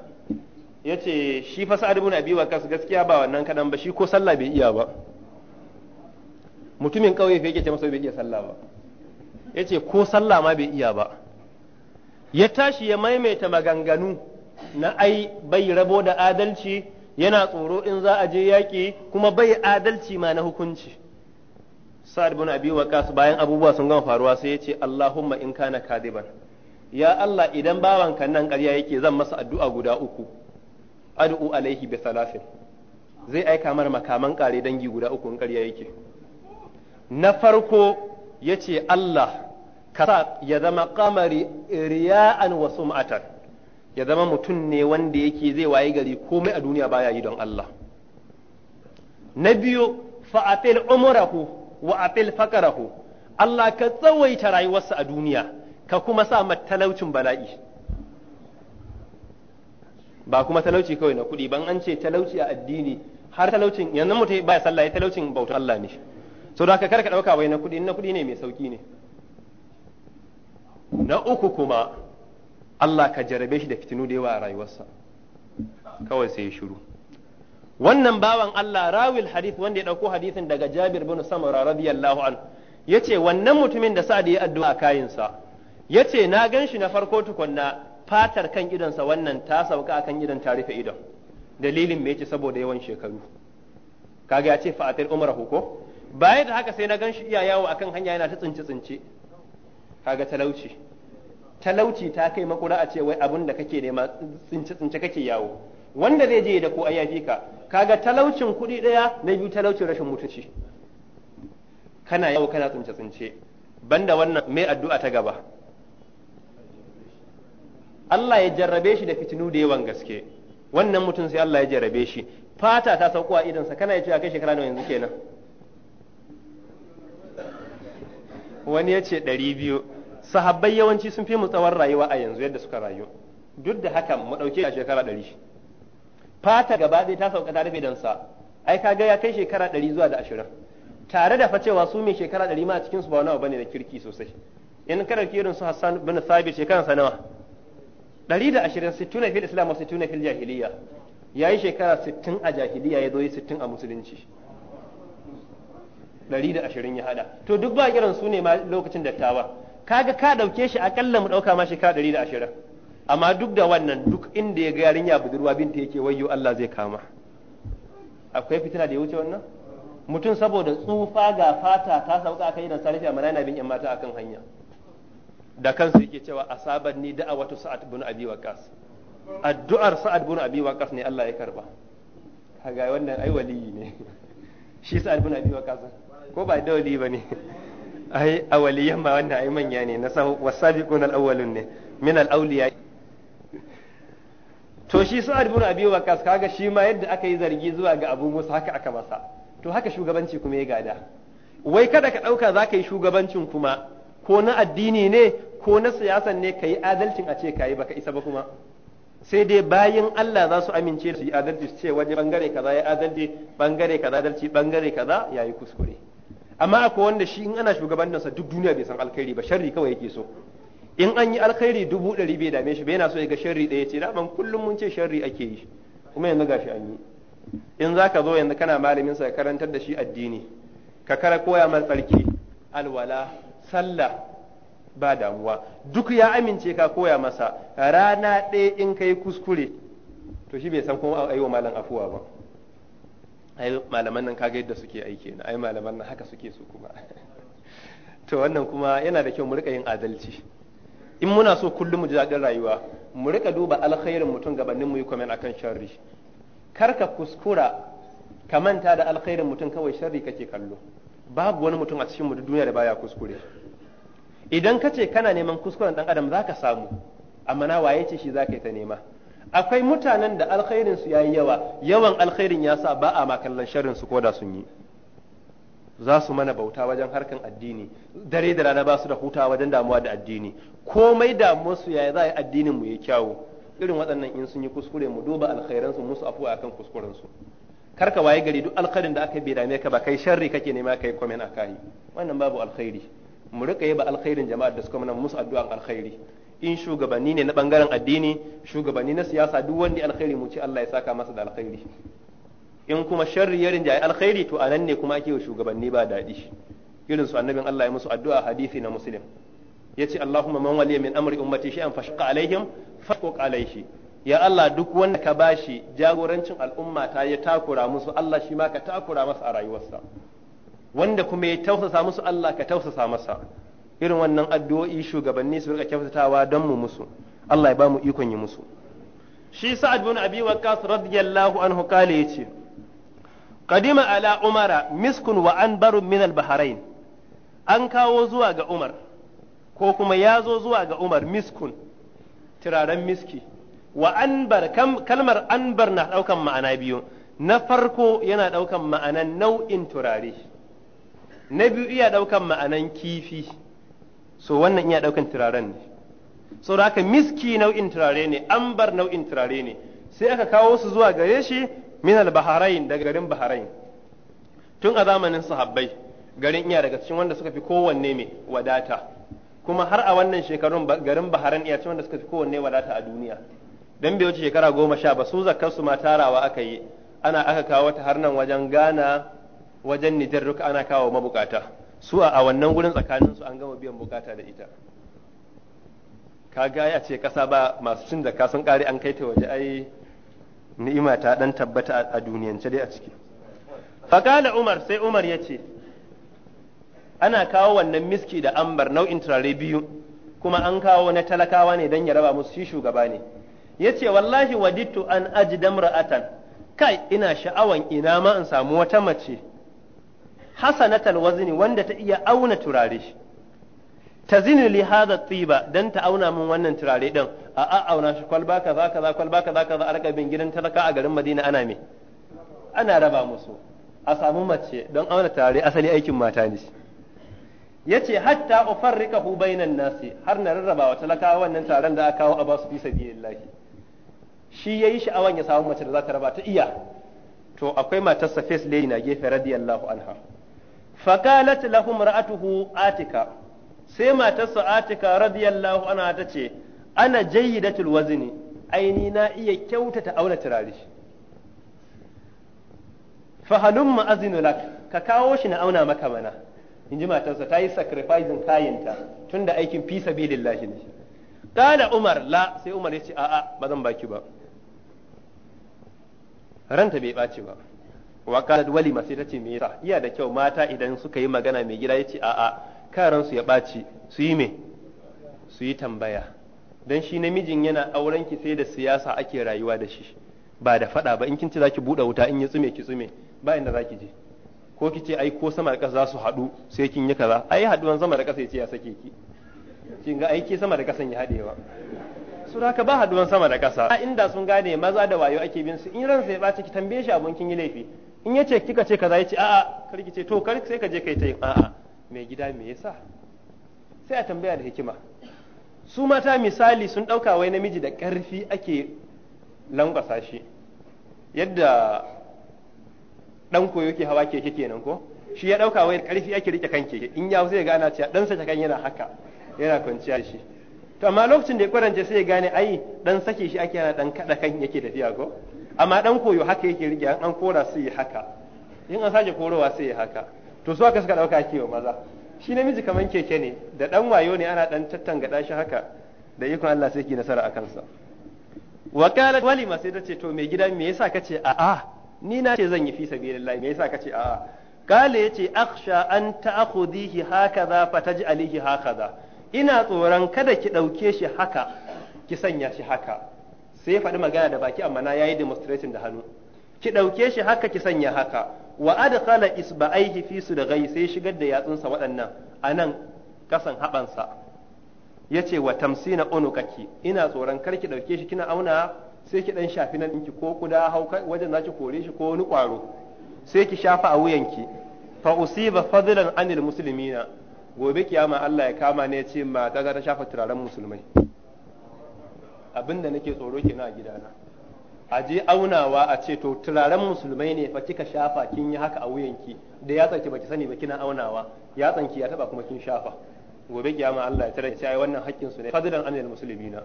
yace shi fa Sa'ad ibn Abi Waqqas gaskiya ba wannan kadan ba shi ko sallah bai iya ba mutumin kauye fa yake ce masa bai iya sallah ba yace ko sallah ma bai iya ba ya tashi ya maimaita maganganu na ai bai rabo da adalci yana tsoro in za a je yaƙi kuma bai adalci ma na hukunci sa'ad bin abi waqas bayan abubuwa sun gama faruwa sai yace ce allahumma in kana kadiban ya allah idan bawanka nan ƙarya yake zan masa addu'a guda uku ad'u alaihi bi salasin zai aika mar makaman kare dangi guda uku in ƙarya yake na farko yace allah ka sa ya zama kamari riya'an wasu sum'atan ya zama mutum ne wanda yake zai waye gari komai a duniya baya yi don Allah na biyu fa'atil umrahu wa atil fakarahu, Allah ka tsawaita rayuwarsa a duniya ka kuma sa matalaucin bala'i ba kuma talauci kawai na kuɗi ban an ce talauci a addini har talaucin yanzu mutum ya sallah ya talaucin bautar Allah ne so da ka karka ɗauka wai na kuɗi na kuɗi ne mai sauki ne na uku kuma Allah ka jarabe shi da fitinu da yawa a rayuwarsa kawai sai ya shiru wannan bawan Allah rawil hadith wanda ya dauko hadithin daga Jabir bin Samura radiyallahu an yace wannan mutumin da Sa'ad ya addu'a kayinsa yace na gan shi na farko tukunna fatar kan idonsa wannan ta sauka akan idon ta rufe idon dalilin me yace saboda yawan shekaru kaga ya ce fa'atir umrahu ko bayan da haka sai na gan shi iya yawo akan hanya yana ta tsince tsince kaga talauci talauci ta kai makura a ce wai abin da kake nema tsince tsince kake yawo wanda zai je da ko ai yafi ka kaga talaucin kuɗi ɗaya na biyu talaucin rashin mutunci kana yawo kana tsince tsince banda wannan mai addu'a ta gaba Allah ya jarrabe shi da fitinu da yawan gaske wannan mutum sai Allah ya jarrabe shi fata ta sauko a idansa kana ya ce a kai shekara nawa yanzu kenan wani ya ce ɗari biyu sahabbai yawanci sun fi mu tsawon rayuwa a yanzu yadda suka rayu duk da haka mu dauke a shekara ɗari fata gaba ɗaya ta sauka ta rufe sa ai ka ga ya kai shekara ɗari zuwa da ashirin tare da facewa su mai shekara ɗari ma a cikinsu ba wani bane da kirki sosai in kada ki irin su Hassan bin sabir shekaran sa nawa ɗari da ashirin sittuna fil Islam wa na fil jahiliya yayi shekara sittin a jahiliya ya zo yi sittin a musulunci ɗari da ashirin ya hada to duk ba irin su ne ma lokacin dattawa kaga ka dauke shi akalla mu dauka ma shekara 120 amma duk da wannan duk inda ya ga yarinya budurwa binta yake wayyo Allah zai kama akwai fitina da ya wuce wannan mutum saboda tsufa ga fata ta sauka akan yana sarrafi amma yana bin mata akan hanya da kansu yake cewa asaban ni da'awatu sa'ad bin abi waqas addu'ar sa'ad bin abi waqas ne Allah ya karba kaga wannan ai waliyi ne shi sa'ad bin abi waqas ko ba dawli bane ai awaliyan ma wannan ai manya ne na sahu wasabiqun al ne min alawliya to shi sa'ad ibn abi waqas kaga shi ma yadda aka yi zargi zuwa ga abu musa haka aka masa to haka shugabanci kuma ya gada wai kada ka dauka zaka yi shugabancin kuma ko na addini ne ko na siyasan ne kai adalcin a ce kai baka isa ba kuma sai dai bayan Allah za su amince su yi adalci su ce waje bangare kaza ya adalci bangare kaza adalci bangare kaza yayi kuskure amma ko wanda shi in ana shugabantarsa duk duniya bai san alkhairi ba sharri kawai yake so in an yi alkhairi dubu ɗari bai dame shi ba yana so ya ga sharri ɗaya ce daman kullum mun ce sharri ake yi kuma yanzu gashi an yi in za ka zo yanzu kana malamin sa ka karantar da shi addini ka kara koya man tsarki alwala sallah ba damuwa duk ya amince ka koya masa rana ɗaya in ka yi kuskure to shi bai san kuma a yi wa malam afuwa ba ai malaman nan kaga yadda suke aiki na ai malaman nan haka suke su kuma to wannan kuma yana da kyau mu rika yin adalci in muna so kullum mu ji daɗin rayuwa mu rika duba alkhairin mutum gabanin mu yi comment akan sharri kar ka kuskura ka manta da alkhairin mutum kawai sharri kake kallo babu wani mutum a cikin mu duniya da baya kuskure idan ka ce kana neman kuskuren dan adam zaka samu amma na waye ce shi zaka yi ta nema akwai mutanen da alkhairin su yi yawa yawan alkhairin ya sa ba a ma kallon sharrin su koda sun yi za su mana bauta wajen harkan addini dare da rana ba su da hutawa wajen damuwa da addini komai damuwar su yayi za a yi addinin mu ya kyawu irin waɗannan in sun yi kuskure mu duba alkhairan musu afuwa akan kuskuren su ka waye gari duk alkhairin da aka bi dame ka ba kai sharri kake nema kai komen akai wannan babu alkhairi mu rika ba alkhairin jama'ar da suka mana musu addu'an alkhairi in shugabanni ne na bangaren addini shugabanni na siyasa duk wanda alkhairi mu ci Allah ya saka masa da alkhairi in kuma sharri ya rinjaye alkhairi to anan ne kuma ake wa shugabanni ba daɗi irin su annabin Allah ya musu addu'a hadisi na muslim yace Allahumma man waliya min amri ummati shay'an fashqa alaihim fashqa alaihi ya Allah duk wanda ka bashi jagorancin al'umma ta ya takura musu Allah shi ma ka takura masa a rayuwarsa wanda kuma ya tausasa musu Allah ka tausasa masa irin wannan addu'o'i shugabanni su rika kyautatawa don mu musu Allah ya ba mu ikon yi musu shi sa'ad bin abi waqqas radiyallahu anhu kale yace qadima ala umara miskun wa anbaru min al bahrain an kawo zuwa ga umar ko kuma ya zo zuwa ga umar miskun turaren miski wa anbar kalmar anbar na daukan ma'ana biyu na farko yana daukan ma'anan nau'in turare na biyu iya daukan ma'anan kifi so wannan iya ɗaukan turaren ne so da haka miski nau'in turare ne an bar nau'in turare ne sai aka kawo su zuwa gare shi min baharain daga garin baharain tun a zamanin sahabbai garin iya daga cikin wanda suka fi kowanne mai wadata kuma har a wannan shekarun garin baharain iya cikin wanda suka fi kowanne wadata a duniya dan bai wuce shekara goma sha ba su zakar su ma tarawa aka yi ana aka kawo ta har nan wajen gana wajen Nijar duka ana kawo mabukata su a wannan gurin tsakanin su an gama biyan bukata da ita ka gaya ce kasa ba masu cin zakka sun kare an kai ta waje ai ni'ima ta dan tabbata a duniyance dai a ciki fakala umar sai umar ya ce ana kawo wannan miski da ambar nau'in turare biyu kuma an kawo na talakawa ne don ya raba musu shi shugaba ne ya ce wallahi wadittu an aji damra'atan kai ina sha'awan ina ma in samu wata mace hasanatal wazni wanda ta iya auna turare shi tazini li hadha tiba dan ta auna min wannan turare din a a auna shi kwalba ka za, kwalba ka za ka za, arka bin gidan talaka a garin Madina ana me ana raba musu a samu mace don auna turare asali aikin mata ne yace hatta hu bainan nasi har na rarraba wa talakawa wannan taron da aka kawo a basu bisa fi sabilillahi shi yayi sha'awan ya samu mace da za ta raba ta iya to akwai matarsa face lady na gefe radiyallahu anha fakalat lahum ra'atuhu atika sai matarsa atika radiyallahu ana ta ce ana jayyidatul wazni aini na iya kyautata auna turare fa halumma azinu lak ka kawo shi na auna maka mana in ji matarsa ta yi sacrificing kayanta tunda aikin fi sabilillahi ne kala umar la sai umar ya ce a'a ba zan baki ba ranta bai ɓaci ba wa wali walima sai tace me yasa iya da kyau mata idan suka yi magana mai gida yace a'a karan su ya ɓaci su yi me su yi tambaya dan shi namijin yana auren ki sai da siyasa ake rayuwa da shi ba da fada ba in kin ce zaki bude wuta in ya tsume ki tsume ba inda zaki je ko ki ce ai ko sama da ƙasa za su haɗu sai kin yi kaza ai haɗuwan sama da ƙasa ya ce ya sake ki kin ga ai ke sama da ƙasan ya haɗewa su haka ba haɗuwan sama da ƙasa inda sun gane maza da wayo ake bin su in sai ya ɓaci ki tambaye shi abun kin yi laifi in yace kika ce kaza yace a'a karki ce to kar sai ka je kai ta yin a'a mai gida me yasa sai a tambaya da hikima su mata misali sun ɗauka wai namiji da ƙarfi ake lankwasa shi yadda ɗan koyo ke hawa keke kenan ko shi ya ɗauka wai ƙarfi ake rike kan keke in ya zai gana cewa dan sa kan yana haka yana kwanciya shi to amma lokacin da ya kwarance sai ya gane ai ɗan sake shi ake yana ɗan kaɗa kan yake tafiya ko amma dan koyo haka yake rige an kora sai haka in an sake korowa sai haka to su aka suka dauka kewa maza shi namiji kaman keke ne da dan wayo ne ana dan tattanga shi haka da ikon Allah sai yake nasara a kansa wakala walima sai ta ce to mai gida me yasa kace a a ni na ce zan yi fi sabilillahi me yasa kace a a'a kale yace akhsha an ta'khudihi hakaza fataj'alihi hakaza ina tsoron kada ki dauke shi haka ki sanya shi haka sai ya faɗi magana da baki amma na yayi demonstrating da hannu ki ɗauke shi haka ki sanya haka wa adkhala isba'aihi fi sudghai sai shigar da yatsunsa waɗannan a nan kasan haɓansa yace wa tamsina unukaki ina tsoron kar ki ɗauke shi kina auna sai ki dan shafi nan ɗinki ko kuda hauka wajen zaki kore shi ko wani ƙwaro sai ki shafa a wuyanki fa usiba fadlan anil na gobe kiyama Allah ya kama ne ya ce mata ta shafa turaren musulmai abin da nake tsoro na a gidana a je aunawa a ce to turaren musulmai ne fa kika shafa kin yi haka a wuyanki da ya tsanki baki sani ba kina aunawa ya tsanki ya taba kuma kin shafa gobe kiyama Allah ya tare sai wannan haƙƙin su ne fadlan anil muslimina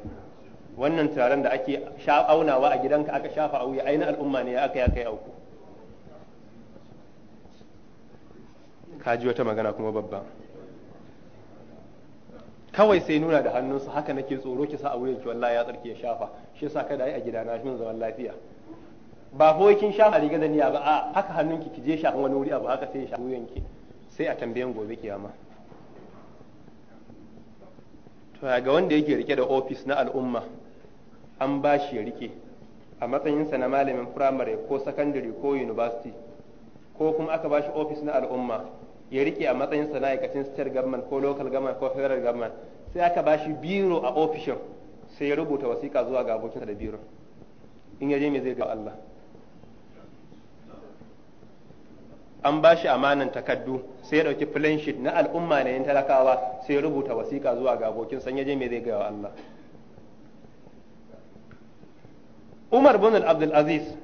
wannan turaren da ake aunawa a gidanka aka shafa a wuya aina al'umma ne aka ya kai auku kaji wata magana kuma babba kawai sai nuna da hannunsa haka nake tsoro ki sa a wuyan ki wallahi ya tsarki ya shafa shi yasa kada ai a gidana shi zaman lafiya ba fa kin shafa riga da niyya ba a haka hannunki ki je a wani wuri abu haka sai ya shafa wuyan ki sai a tambayan gobe kiyama to ga wanda yake rike da ofis na al'umma an ba shi ya rike a matsayinsa na malamin firamare ko sakandare ko university ko kuma aka ba shi ofis na al'umma ya rike a matsayin sa na aikacin state government ko local government ko federal government sai aka ba shi biro a ofishin sai ya rubuta wasiƙa zuwa ga abokinsa da biro in ya je me zai ga Allah an ba shi amanan takaddu sai ya dauki plan sheet na al'umma ne talakawa sai ya rubuta wasiƙa zuwa ga abokin san je me zai ga Allah Umar bin Abdul Aziz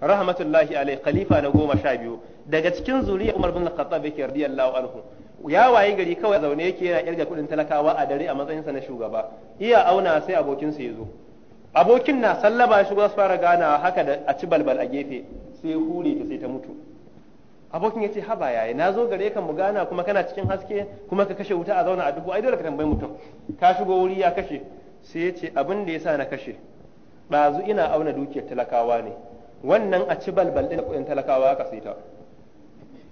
rahmatullahi alai khalifa na goma sha biyu daga cikin zuriya Umar bin Khattab yake radiyallahu anhu ya waye gari kawai zaune yake yana kirga kudin talakawa a dare a matsayinsa na shugaba iya auna sai abokin sa yazo abokin na sallaba shi su fara gana haka da a ci balbal a gefe sai hure ta sai ta mutu abokin ya ce haba yaya na zo gare ka mu gana kuma kana cikin haske kuma ka kashe wuta a zauna a duhu ai dole ka tambayi mutum ka shigo wuri ya kashe sai ya ce abin da ya sa na kashe ɗazu ina auna dukiyar talakawa ne wannan a ci balbal ɗin da kuɗin talakawa aka sai ta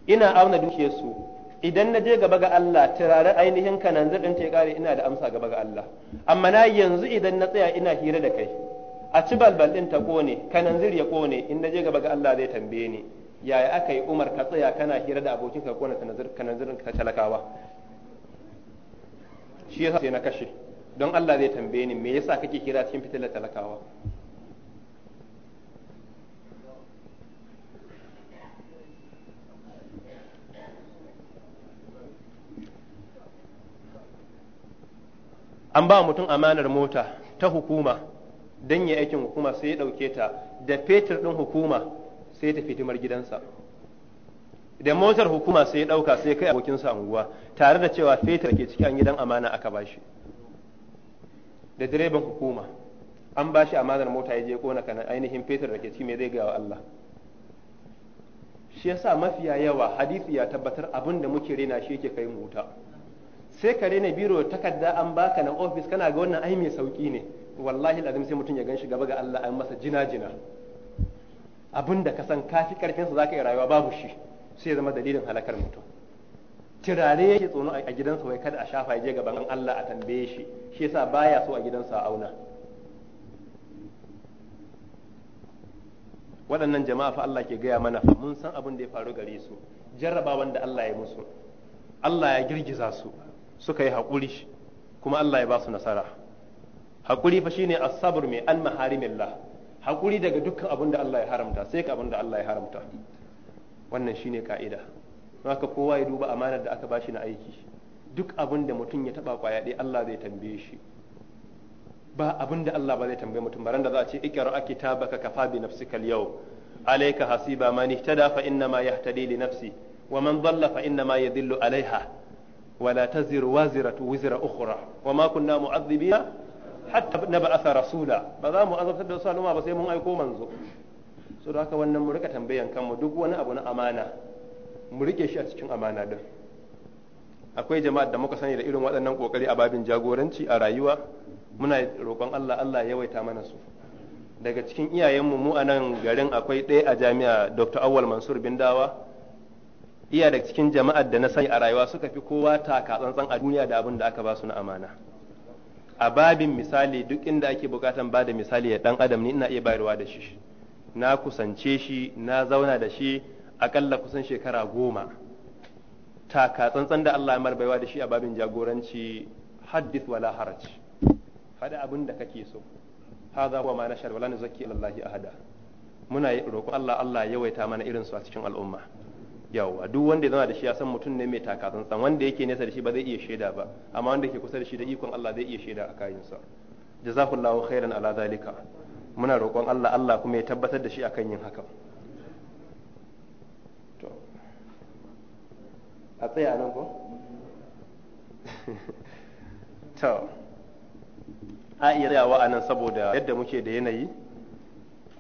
ina auna dukiyar su idan na je gaba ga Allah turare ainihin kanan zubin ta kare ina da amsa gaba ga Allah amma na yanzu idan na tsaya ina hira da kai a ci balbal ɗin ta kone kanan zir ya kone in na je gaba ga Allah zai tambaye ni yaya aka yi Umar ka tsaya kana hira da abokin ka kona kanan zirin ka talakawa shi yasa sai na kashe don Allah zai tambaye ni me yasa kake hira cikin fitilar talakawa an ba mutum amanar mota ta hukuma don ya aikin hukuma sai ya ɗauke ta da fetur ɗin hukuma sai ya tafi gidansa da motar hukuma sai ya ɗauka sai kai abokinsa unguwa tare da cewa fetur ke cikin gidan amana aka bashi da direban hukuma an bashi amanar mota ya je kona kana ainihin fetur da ke ciki mai zai ga Allah shi yasa mafiya yawa hadisi ya tabbatar abin da muke rena shi yake kai mu wuta sai kare rena biro takarda an baka na ofis kana ga wannan ai mai sauki ne wallahi lazim sai mutum ya gan shi gaba ga Allah an masa jina jina abinda ka san kafi karfin sa zaka yi rayuwa babu shi sai ya zama dalilin halakar mutum tirare yake tsono a gidansa wai kada a shafa ya je gaban Allah a tambaye shi shi yasa baya so a gidansa a auna waɗannan jama'a fa Allah ke gaya mana mun san abin da ya faru gare su jarrabawan da Allah ya musu Allah ya girgiza su suka yi haƙuri kuma Allah ya ba su nasara haƙuri fa shine as-sabr mai an maharimillah haƙuri daga dukkan abin da Allah ya haramta sai ka abin da Allah ya haramta wannan shine ka'ida haka kowa ya duba amanar da aka bashi na aiki duk abin da mutum ya taba kwaya dai Allah zai tambaye shi ba abin da Allah ba zai tambaye mutum baran da za a ce ikra kitabaka kafa bi nafsikal al alayka hasiba man ihtada fa inna ma yahtadi li nafsi wa man dhalla fa inna ma yadhillu alaiha ولا تزر وازرة وزر أخرى وما كنا معذبين حتى نبعث رسولا بذا معذب da sallama ba sai mun aiko manzo so da haka wannan mu rika tambayan kanmu duk wani abu na amana rike shi a cikin amana din akwai jama'ar da muka sani da irin waɗannan ƙoƙari a babin jagoranci a rayuwa muna roƙon Allah Allah ya yawaita mana su daga cikin iyayenmu mu a nan garin akwai ɗaya a jami'a Dr. Awal Mansur Bindawa iya da cikin jama'ar da na sani a rayuwa suka fi kowa taka tsantsan a duniya da abin da aka ba su na amana a babin misali duk inda ake bukatan ba da misali ya dan adam ni ina iya bayarwa da shi na kusance shi na zauna da shi akalla kusan shekara goma taka tsantsan da Allah ya baiwa da shi a babin jagoranci hadith wala haraj fada abin da kake so hadha wa ma nashar wala nuzakki ala ahada muna roƙo Allah Allah ya yawaita mana irin su a cikin al'umma yawwa duk wanda zana da shi ya san mutum ne mai takatsantsan wanda yake nesa da shi ba zai iya shaida ba amma wanda ke kusa da shi da ikon Allah zai iya shaida a kayansa jazakallahu khairan ala zalika muna roƙon Allah Allah kuma ya tabbatar da shi akan yin haka to a nan ko to a iya tsayawa a nan saboda yadda muke da yanayi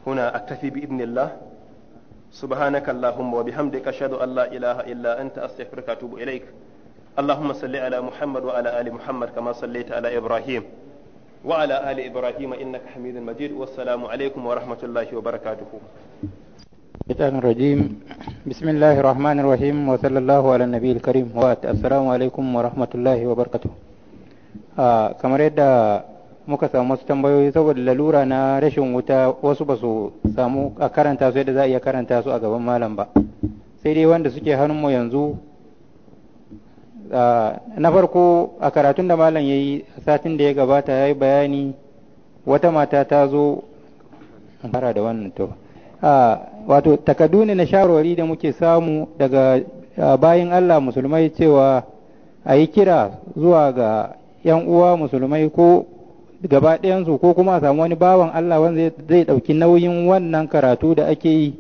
kuna tafi bi idnillah سبحانك اللهم وبحمدك أشهد أن لا إله إلا أنت أستغفرك وأتوب إليك اللهم صل على محمد وعلى آل محمد كما صليت على إبراهيم وعلى آل إبراهيم إنك حميد مجيد والسلام عليكم ورحمة الله وبركاته الشيطان الرجيم بسم الله الرحمن الرحيم وصلى الله على النبي الكريم وات السلام عليكم ورحمة الله وبركاته آه كما muka samu wasu tambayoyi saboda lalura na rashin wuta wasu ba su samu a karanta su yadda za a iya karanta su a gaban malam ba sai dai wanda suke hannunmu yanzu ah, na farko a karatun da malam ya yi satin da ya gabata ya yi bayani wata mata ta zo fara da wannan to ah, wato takadu ne na shawarwari da muke samu daga ah, bayan allah musulmai cewa a yi kira zuwa ga 'yan uwa musulmai ko gaba ɗayansu ko kuma a samu wani bawan Allah wanda zai ɗauki nauyin wannan karatu da ake yi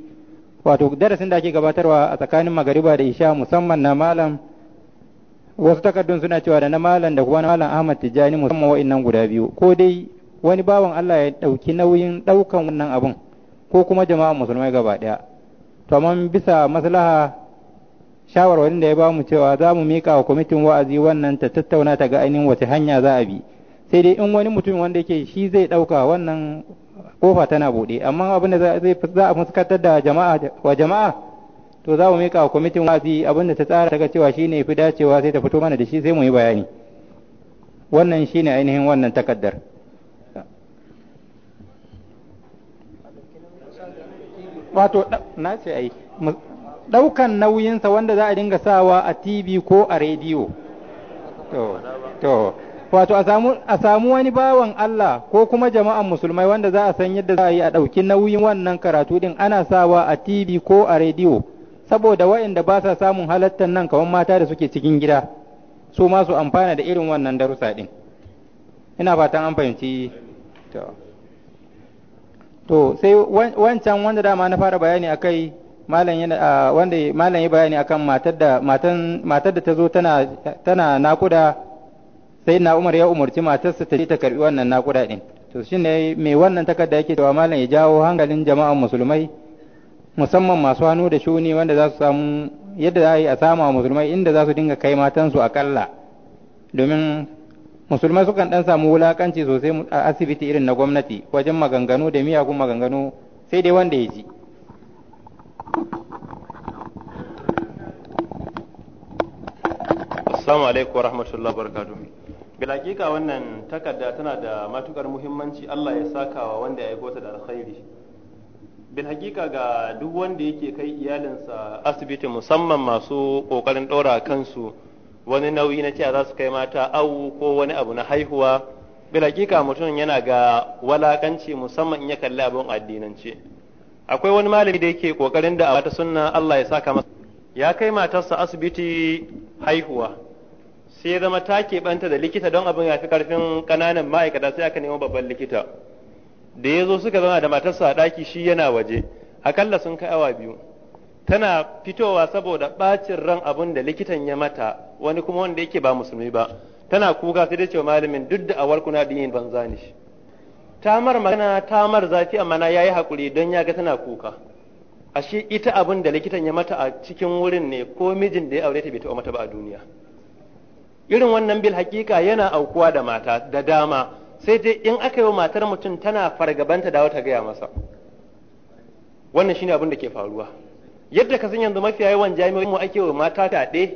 wato darasin da ake gabatarwa a tsakanin magariba da isha musamman na malam wasu takardun suna cewa da na malam da kuma na malam Ahmad Tijjani musamman wa'annan guda biyu ko dai wani bawan Allah ya ɗauki nauyin ɗaukan wannan abun ko kuma jama'a musulmai gaba ɗaya to amma bisa maslaha shawarwarin da ya bamu cewa za mu miƙa wa kwamitin wa'azi wannan ta tattauna ta ga ainihin wace hanya za a bi sai dai in wani mutum wanda yake shi zai ɗauka wannan kofa tana buɗe amma abin da za a fuskantar da jama'a wa jama'a to za mu mika wa kwamitin wazi abin da ta tsara ga cewa shi ne fi dacewa sai ta fito mana da shi sai mu yi bayani wannan shi ne ainihin wannan takaddar wato na ce ai ɗaukan nauyinsa wanda za a dinga sawa a tv ko a rediyo to to wato a samu wani bawan Allah ko kuma jama'an musulmai wanda za a san yadda za a yi a ɗauki nauyin wannan karatu din ana sawa a TV ko a rediyo saboda waɗanda ba sa samun halattar nan kamar mata da suke cikin gida su ma su amfana da irin wannan darussa din ina fatan an fahimci to sai wancan wanda dama na fara bayani akai malam yana wanda malam ya bayani akan matar da matan matar da ta zo tana tana nakuda sai na Umar ya umarci matarsa ta je ta karbi wannan na din to shi ne mai wannan takarda yake cewa malam ya jawo hankalin jama'an musulmai musamman masu hannu da shuni wanda za su samu yadda za a yi a sama musulmai inda za su dinga kai matansu akalla domin musulmai sukan dan samu wulakanci sosai a asibiti irin na gwamnati wajen maganganu da miyagun maganganu sai dai wanda ya ji bilakika wannan takarda tana da matukar muhimmanci Allah ya sakawa wanda ya aiko ta da alkhairi bil hakika ga duk wanda yake kai iyalinsa asibiti musamman masu kokarin ɗora kansu wani nauyi na cewa za su kai mata awu ko wani abu na haihuwa bil hakika mutum yana ga walakanci musamman in ya kalli abin addinance akwai wani malami da yake kokarin da a wata sunna Allah ya saka masa ya kai matarsa asibiti haihuwa sai ya zama ta keɓanta da likita don abin ya fi ƙarfin ƙananan ma'aikata sai aka nemo babban likita da ya zo suka zama da matarsa a ɗaki shi yana waje akalla sun kai awa biyu tana fitowa saboda ɓacin ran abin da likitan ya mata wani kuma wanda yake ba musulmi ba tana kuka sai dai ce malamin duk da awar kuna da yin banza ne shi tamar magana tamar zafi amma na yayi hakuri don ya ga tana kuka ashe ita abin da likitan ya mata a cikin wurin ne ko mijin da ya aure ta bai taɓa mata ba a duniya irin wannan bil hakika yana aukuwa da mata da dama sai dai in aka yi wa matar mutum tana fargabanta da wata gaya masa wannan shine abin da ke faruwa yadda ka san yanzu mafiya yawan jami'o'i mu ake wa mata taɗe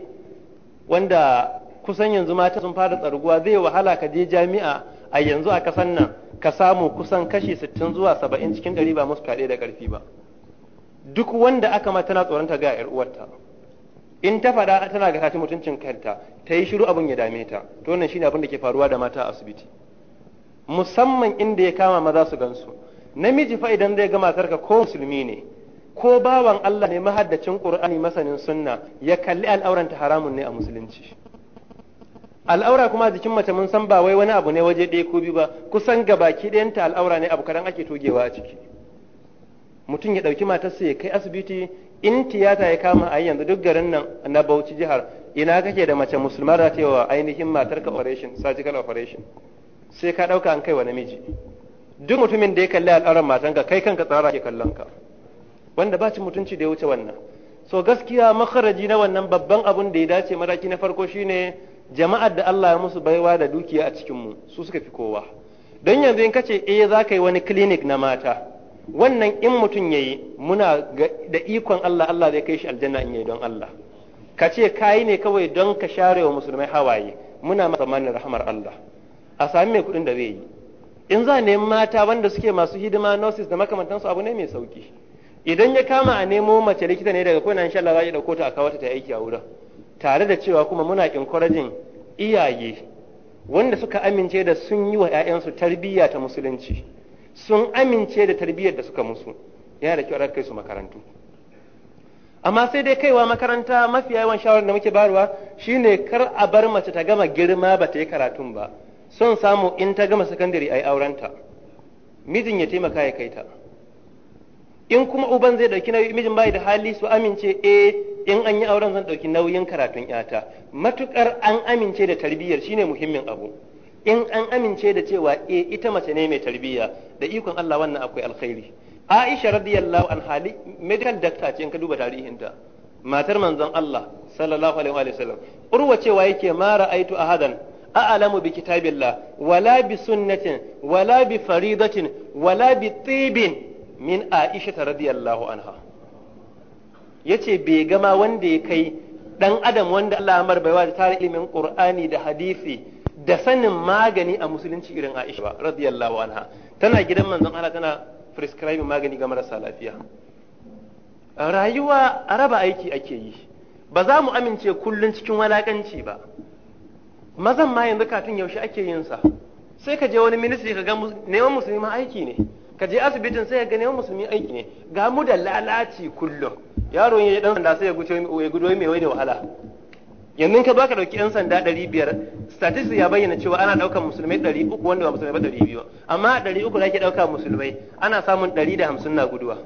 wanda kusan yanzu mata sun fara tsarguwa zai wahala ka je jami'a a yanzu a kasan nan ka samu kusan kashi 60 zuwa 70 cikin 100 ba musu kaɗe da ƙarfi ba duk wanda aka mata tana tsoron ta ga 'yar uwarta in ta faɗa tana ga tashin mutuncin kanta ta yi shiru abin ya dame ta to wannan shine abin da ke faruwa da mata a asibiti musamman inda ya kama maza su gansu namiji fa idan zai ga matarka ko musulmi ne ko bawan Allah ne mahaddacin Qur'ani masanin sunna ya kalli al'auranta haramun ne a musulunci al'aura kuma jikin mace mun san ba wai wani abu ne waje ɗaya ko biyu ba kusan ga gabaki ɗayanta al'aura ne abu kadan ake togewa a ciki mutum ya ɗauki matarsa ya kai asibiti in tiyata ya kama a yanzu duk garin nan na Bauchi jihar ina kake da mace musulma da ta yi wa ainihin matarka operation surgical operation sai ka dauka an kai wa namiji duk mutumin da ya kalli matan ka kai kanka tsara ke kallon ka wanda ba ci mutunci da ya wuce wannan so gaskiya makaraji na wannan babban abun da ya dace maraki na farko shine jama'ar da Allah ya musu baiwa da dukiya a cikin mu su suka fi kowa don yanzu in kace eh za ka yi wani clinic na mata wannan in mutum ya yi muna da ikon Allah Allah zai kai shi aljanna in yi don Allah ka ce ka yi ne kawai don ka share wa musulmai hawaye muna masa manin rahamar Allah a sami mai kuɗin da zai yi in za ne mata wanda suke masu hidima nurses da makamantansu abu ne mai sauki idan ya kama a nemo mace likita ne daga kuna insha Allah za a dauko ta a kawo ta ta aiki a wurin tare da cewa kuma muna encouraging iyaye wanda suka amince da sun yi wa 'ya'yansu tarbiyya ta musulunci sun amince da tarbiyyar da suka musu yana da kyau a kai su makarantu amma sai dai kaiwa makaranta mafi yawan shawarar da muke barwa shine kar a bar mace ta gama girma ba ta yi karatun ba son samu in ta gama sakandare a yi aurenta mijin ya taimaka ya kai ta in kuma uban zai dauki nauyi mijin bai da hali su amince eh in an yi auren zan dauki nauyin karatun yata matukar an amince da tarbiyyar shine muhimmin abu in an amince da cewa e ita mace ne mai tarbiyya da ikon Allah wannan akwai alkhairi Aisha radiyallahu anha medical doctor ce in ka duba tarihinta matar manzon Allah sallallahu alaihi wa sallam urwa cewa yake ma ra'aitu ahadan a'lamu bi kitabillah wala bi sunnatin wala bi faridatin wala bi tibin min Aisha radiyallahu anha yace bai gama wanda ya kai dan adam wanda Allah ya marbawa da tarihin ilimin Qur'ani da hadisi da sanin magani a musulunci irin Aisha ba radiyallahu anha tana gidan manzon Allah tana prescribing magani ga marasa lafiya rayuwa a raba aiki ake yi ba za mu amince kullun cikin walakanci ba mazan ma yanzu kafin yaushe ake yin sa sai ka je wani ministry ka ga neman musulmi ma aiki ne ka je asibitin sai ka ga neman musulmi aiki ne ga mu da lalaci kullum yaro ya dan sanda sai ya gudo mai wai da wahala yanzu ka zo ka dauki yan sanda 500 statistics ya bayyana cewa ana daukar musulmai 300 wanda ba musulmai ba 200 amma 300 da ke dauka musulmai ana samun 150 na guduwa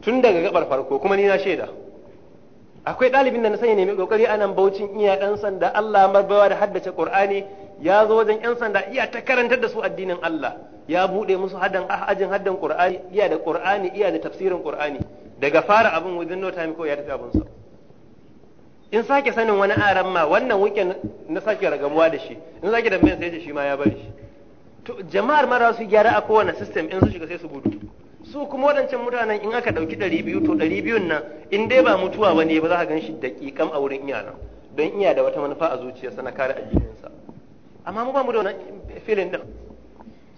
tun daga gabar farko kuma ni na shaida akwai ɗalibin da na sanya ne mai kokari a nan baucin iya ɗan sanda Allah marbawa da haddace Qur'ani ya zo wajen ƴan sanda iya ta karantar da su addinin Allah ya buɗe musu haddan ah, ajin haddan Qur'ani iya da Qur'ani iya da tafsirin Qur'ani daga fara abin wajen no time ko ya tafi abin sa in sake sanin wani aran ma wannan wuken na sake ragamuwa da shi in sake dambe sai ya shi ma ya bari shi to jama'ar mara su gyara a kowane system in su shiga sai su gudu su kuma waɗancan mutanen in aka ɗauki ɗari biyu to ɗari biyun nan in dai ba mutuwa wani ba za ka gan shi daƙiƙan a wurin iyalan don iya da wata manufa a zuciya na kare addininsa amma mu ba mu da wannan filin nan.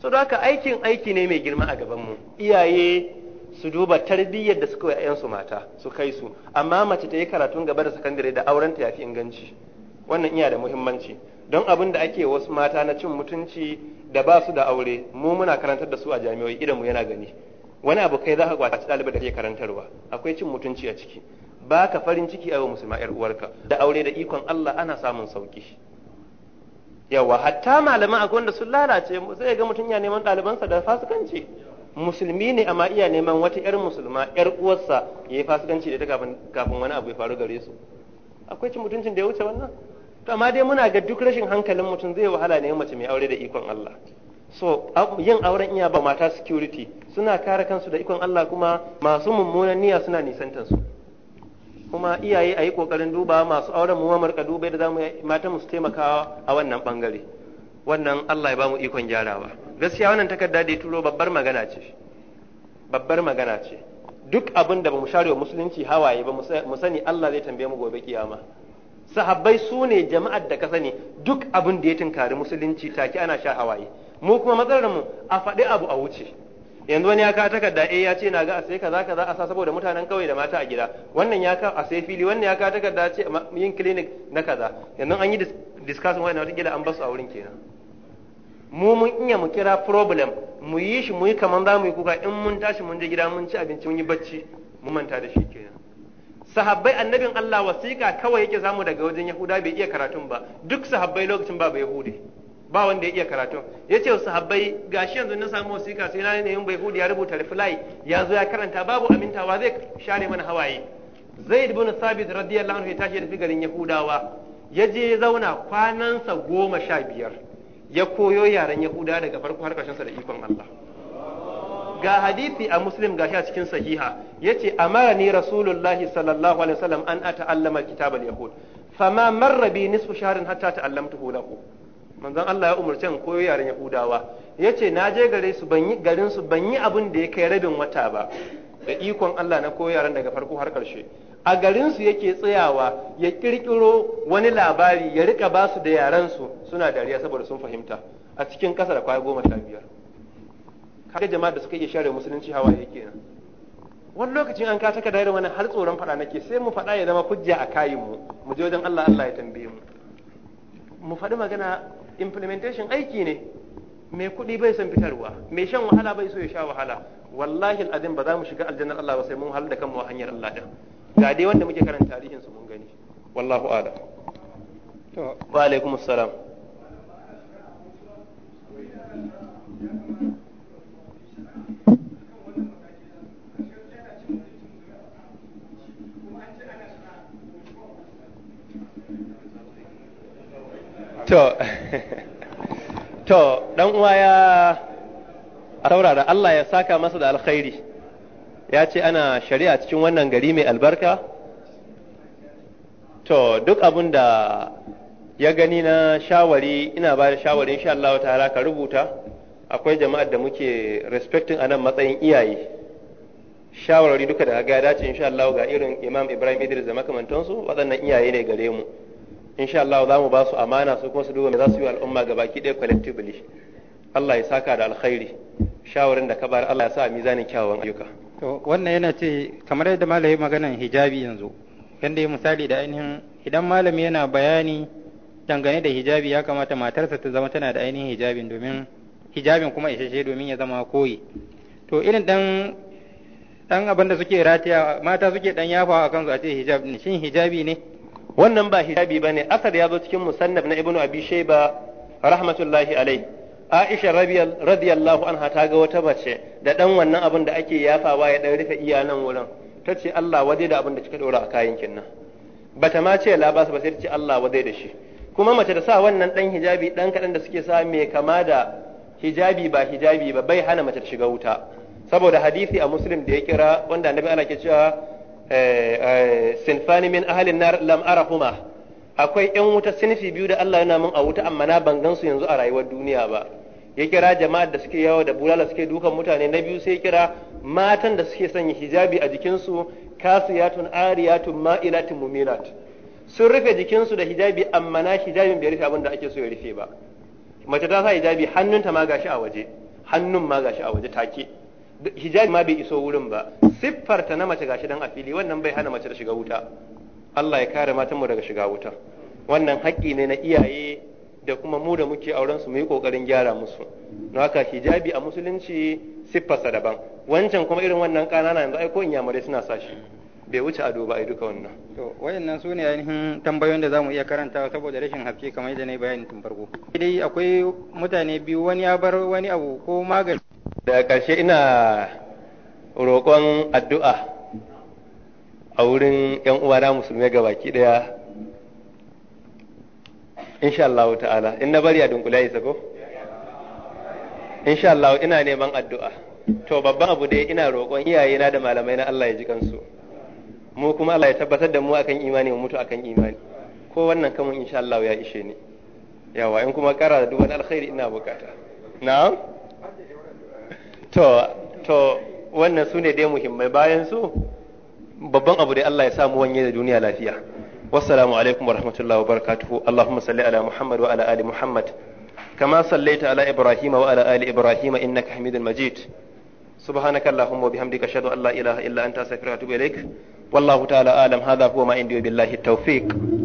so da haka aikin aiki ne mai girma a gaban mu iyaye su duba tarbiyyar da suka yi su mata su kai su amma mace ta yi karatun gaba da sakandare da aurenta ya fi inganci wannan iya da muhimmanci don abin da ake wasu mata na cin mutunci da ba su da aure mu muna karantar da su a jami'o'i idan mu yana gani wani abu kai za ka kwaci ɗalibai da ke karantarwa akwai cin mutunci a ciki ba ka farin ciki a musulma yar uwarka da aure da ikon Allah ana samun sauki yawa hatta malaman akwai wanda sun lalace sai ga mutum ya neman ɗalibansa da fasikanci musulmi ne amma iya neman wata yar musulma yar uwarsa ya yi fasikanci da ta kafin wani abu ya faru gare su akwai cin mutuncin da ya wuce wannan to amma dai muna ga duk rashin hankalin mutum zai wahala ne mace mai aure da ikon Allah so yin auren iya ba mata security suna kare kansu da ikon Allah kuma masu mummunan niyya suna nisantar su kuma iyaye a yi kokarin duba masu auren mu marka duba da zamu mata mu taimakawa a wannan bangare wannan Allah ya ba mu ikon gyarawa gaskiya wannan takarda da ya turo babbar magana ce babbar magana ce duk abin da bamu share wa musulunci hawaye ba mu sani Allah zai tambaye mu gobe kiyama sahabbai su ne jama'ar da ka sani duk abin da ya tunkari musulunci take ana sha hawaye mu kuma matsalar mu a faɗi abu a wuce yanzu wani ya kawo takarda eh ya ce na ga a sai kaza kaza a sa saboda mutanen kauye da mata a gida wannan ya kawo a sai fili wannan ya kawo takarda ce yin clinic na kaza yanzu an yi discussion wannan wata an basu a wurin kenan mu mun iya mu kira problem mu yi shi mu yi kaman za mu yi kuka in mun tashi mun je gida mun ci abinci mun yi bacci mu manta da shi kenan sahabbai annabin Allah wasika kawai yake zamu daga wajen Yahuda bai iya karatun ba duk sahabbai lokacin ba bai Yahudi ba wanda ya iya karatun ya ce sahabbai gashi yanzu na samu wasika sai na ne yin Yahudi ya rubuta reply ya zo ya karanta babu amintawa zai share mana hawaye Zaid ibn Sabit radiyallahu anhu ya tashi ya tafi garin Yahudawa ya je ya zauna kwanansa goma sha biyar ya koyo yaren yahuda daga farko har ƙarshen da ikon Allah ga hadisi a muslim gashi a cikin sahiha yace amarani rasulullahi sallallahu alaihi wasallam an allama kitab al-yahud fama marra bi nisfu shahrin hatta ta'allamtuhu lahu manzon Allah ya umarci in koyo yaren yahudawa yace na je gare su ban yi garin su ban yi abin da ya kai rabin wata ba da ikon Allah na koyo yaren daga farko har karshe a garinsu yake tsayawa ya kirkiro wani labari ya rika basu da yarensu suna dariya saboda sun fahimta a cikin kasa da kwaya goma sha biyar kaga jama'a da suka iya share musulunci hawa yake nan wani lokacin an kasa kada irin wani har tsoron faɗa nake sai mu faɗa ya zama hujja a kayi mu mu je wajen Allah Allah ya tambaye mu mu faɗi magana implementation aiki ne mai kuɗi bai san fitarwa mai shan wahala bai so ya sha wahala wallahi al'adun ba za mu shiga aljannar Allah ba sai mun halar da kanmu a hanyar Allah din ga dai wanda muke karanta tarihin su mun gani wallahu ala. to wa alaikum assalam to to dan uwa ya saurara Allah ya saka masa da alkhairi ya ce ana shari'a cikin wannan gari mai albarka to duk abin da ya gani na shawari ina ba da shawari insha Allah ta'ala ka rubuta akwai jama'ar da muke respecting anan matsayin iyaye shawarwari duka da ga dace insha Allah ga irin Imam Ibrahim Idris da makamantansu waɗannan iyaye ne gare mu insha Allah za mu ba su amana su kuma su duba za su yi al'umma ga baki ɗaya collectively Allah ya saka da alkhairi shawarin da ka bar Allah ya sa mizanin kyawawan ayyuka to wannan yana ce kamar yadda malami maganan hijabi yanzu yanda ya misali da ainihin idan malami yana bayani dangane da hijabi ya kamata matarsa ta zama tana da ainihin hijabin domin hijabin kuma isasshe domin ya zama koyi to irin dan dan abin da suke rataya mata suke dan yafawa a kansu a ce hijab ne shin hijabi ne wannan ba hijabi ne asar ya zo cikin musannaf na ibnu abi shayba rahmatullahi alai aisha radiyallahu anha ta ga wata bace da dan wannan abin da ake yafawa ya dan rufe iyalan nan wurin ta ce Allah wadai da abin da kika dora a kayan kinnan bata ma ce la ba sai ta ce Allah wadai da shi kuma mace da sa wannan dan hijabi dan kadan da suke sa mai kama da hijabi ba hijabi ba bai hana mace shiga wuta saboda hadisi a muslim da ya kira wanda annabi Allah ke cewa Eh, eh, sinfani min ahalin nar lam arahuma akwai ƴan wuta sinfi biyu da Allah yana min a wuta amma na ban gansu yanzu a rayuwar duniya ba ya kira jama'ar da suke yawo da bulala suke dukan mutane na biyu sai kira matan da suke sanya hijabi a jikinsu kasiyatun ariyatun ma'ilatun mumilat sun rufe jikinsu da hijabi amma na hijabin bai rufe abin ake so ya rufe ba mace ta sa hijabi hannunta ma gashi a waje hannun ma gashi a waje take hijabi ma bai iso wurin ba siffarta na mace gashi dan a fili wannan bai hana mace da shiga wuta Allah ya kare matan mu daga shiga wuta wannan haƙƙi ne na iyaye da kuma mu da muke auren su mu yi kokarin gyara musu don haka hijabi a musulunci siffarsa daban wancan kuma irin wannan kanana yanzu ai ko inyamurai suna sashi bai wuce ado ba ai duka wannan to wayannan su ne ainihin tambayoyin da zamu iya karantawa saboda rashin haske kamar yadda na yi bayani tun farko dai akwai mutane biyu wani ya bar wani abu ko magani da ƙarshe ina roƙon addu'a a wurin ‘yan uwana musulmi ga baki ɗaya insha Allah ta'ala in na bari a dunkula isa ko? insha Allah ina neman addu'a to babban abu dai ina roƙon iyayena da malamai na Allah ya ji kansu mu kuma Allah ya tabbatar da mu akan imani mu mutu akan imani ko wannan kamun insha Allah ya ishe ni yawa in kuma ƙara da duk wani alkhairi ina bukata na'am to to wannan su ne dai muhimmai bayan su babban abu da Allah ya samu wanye da duniya lafiya wassalamu alaikum wa wa wabarakatuhu allahumma salli ala muhammad wa ala ali muhammad kama sallaita ala Ibrahim wa ala ali ibrahima innaka hamidun majid سبحانك اللهم وبحمدك اشهد ان لا اله الا انت استغفرك واتوب اليك والله تعالى اعلم هذا هو ما عندي وبالله التوفيق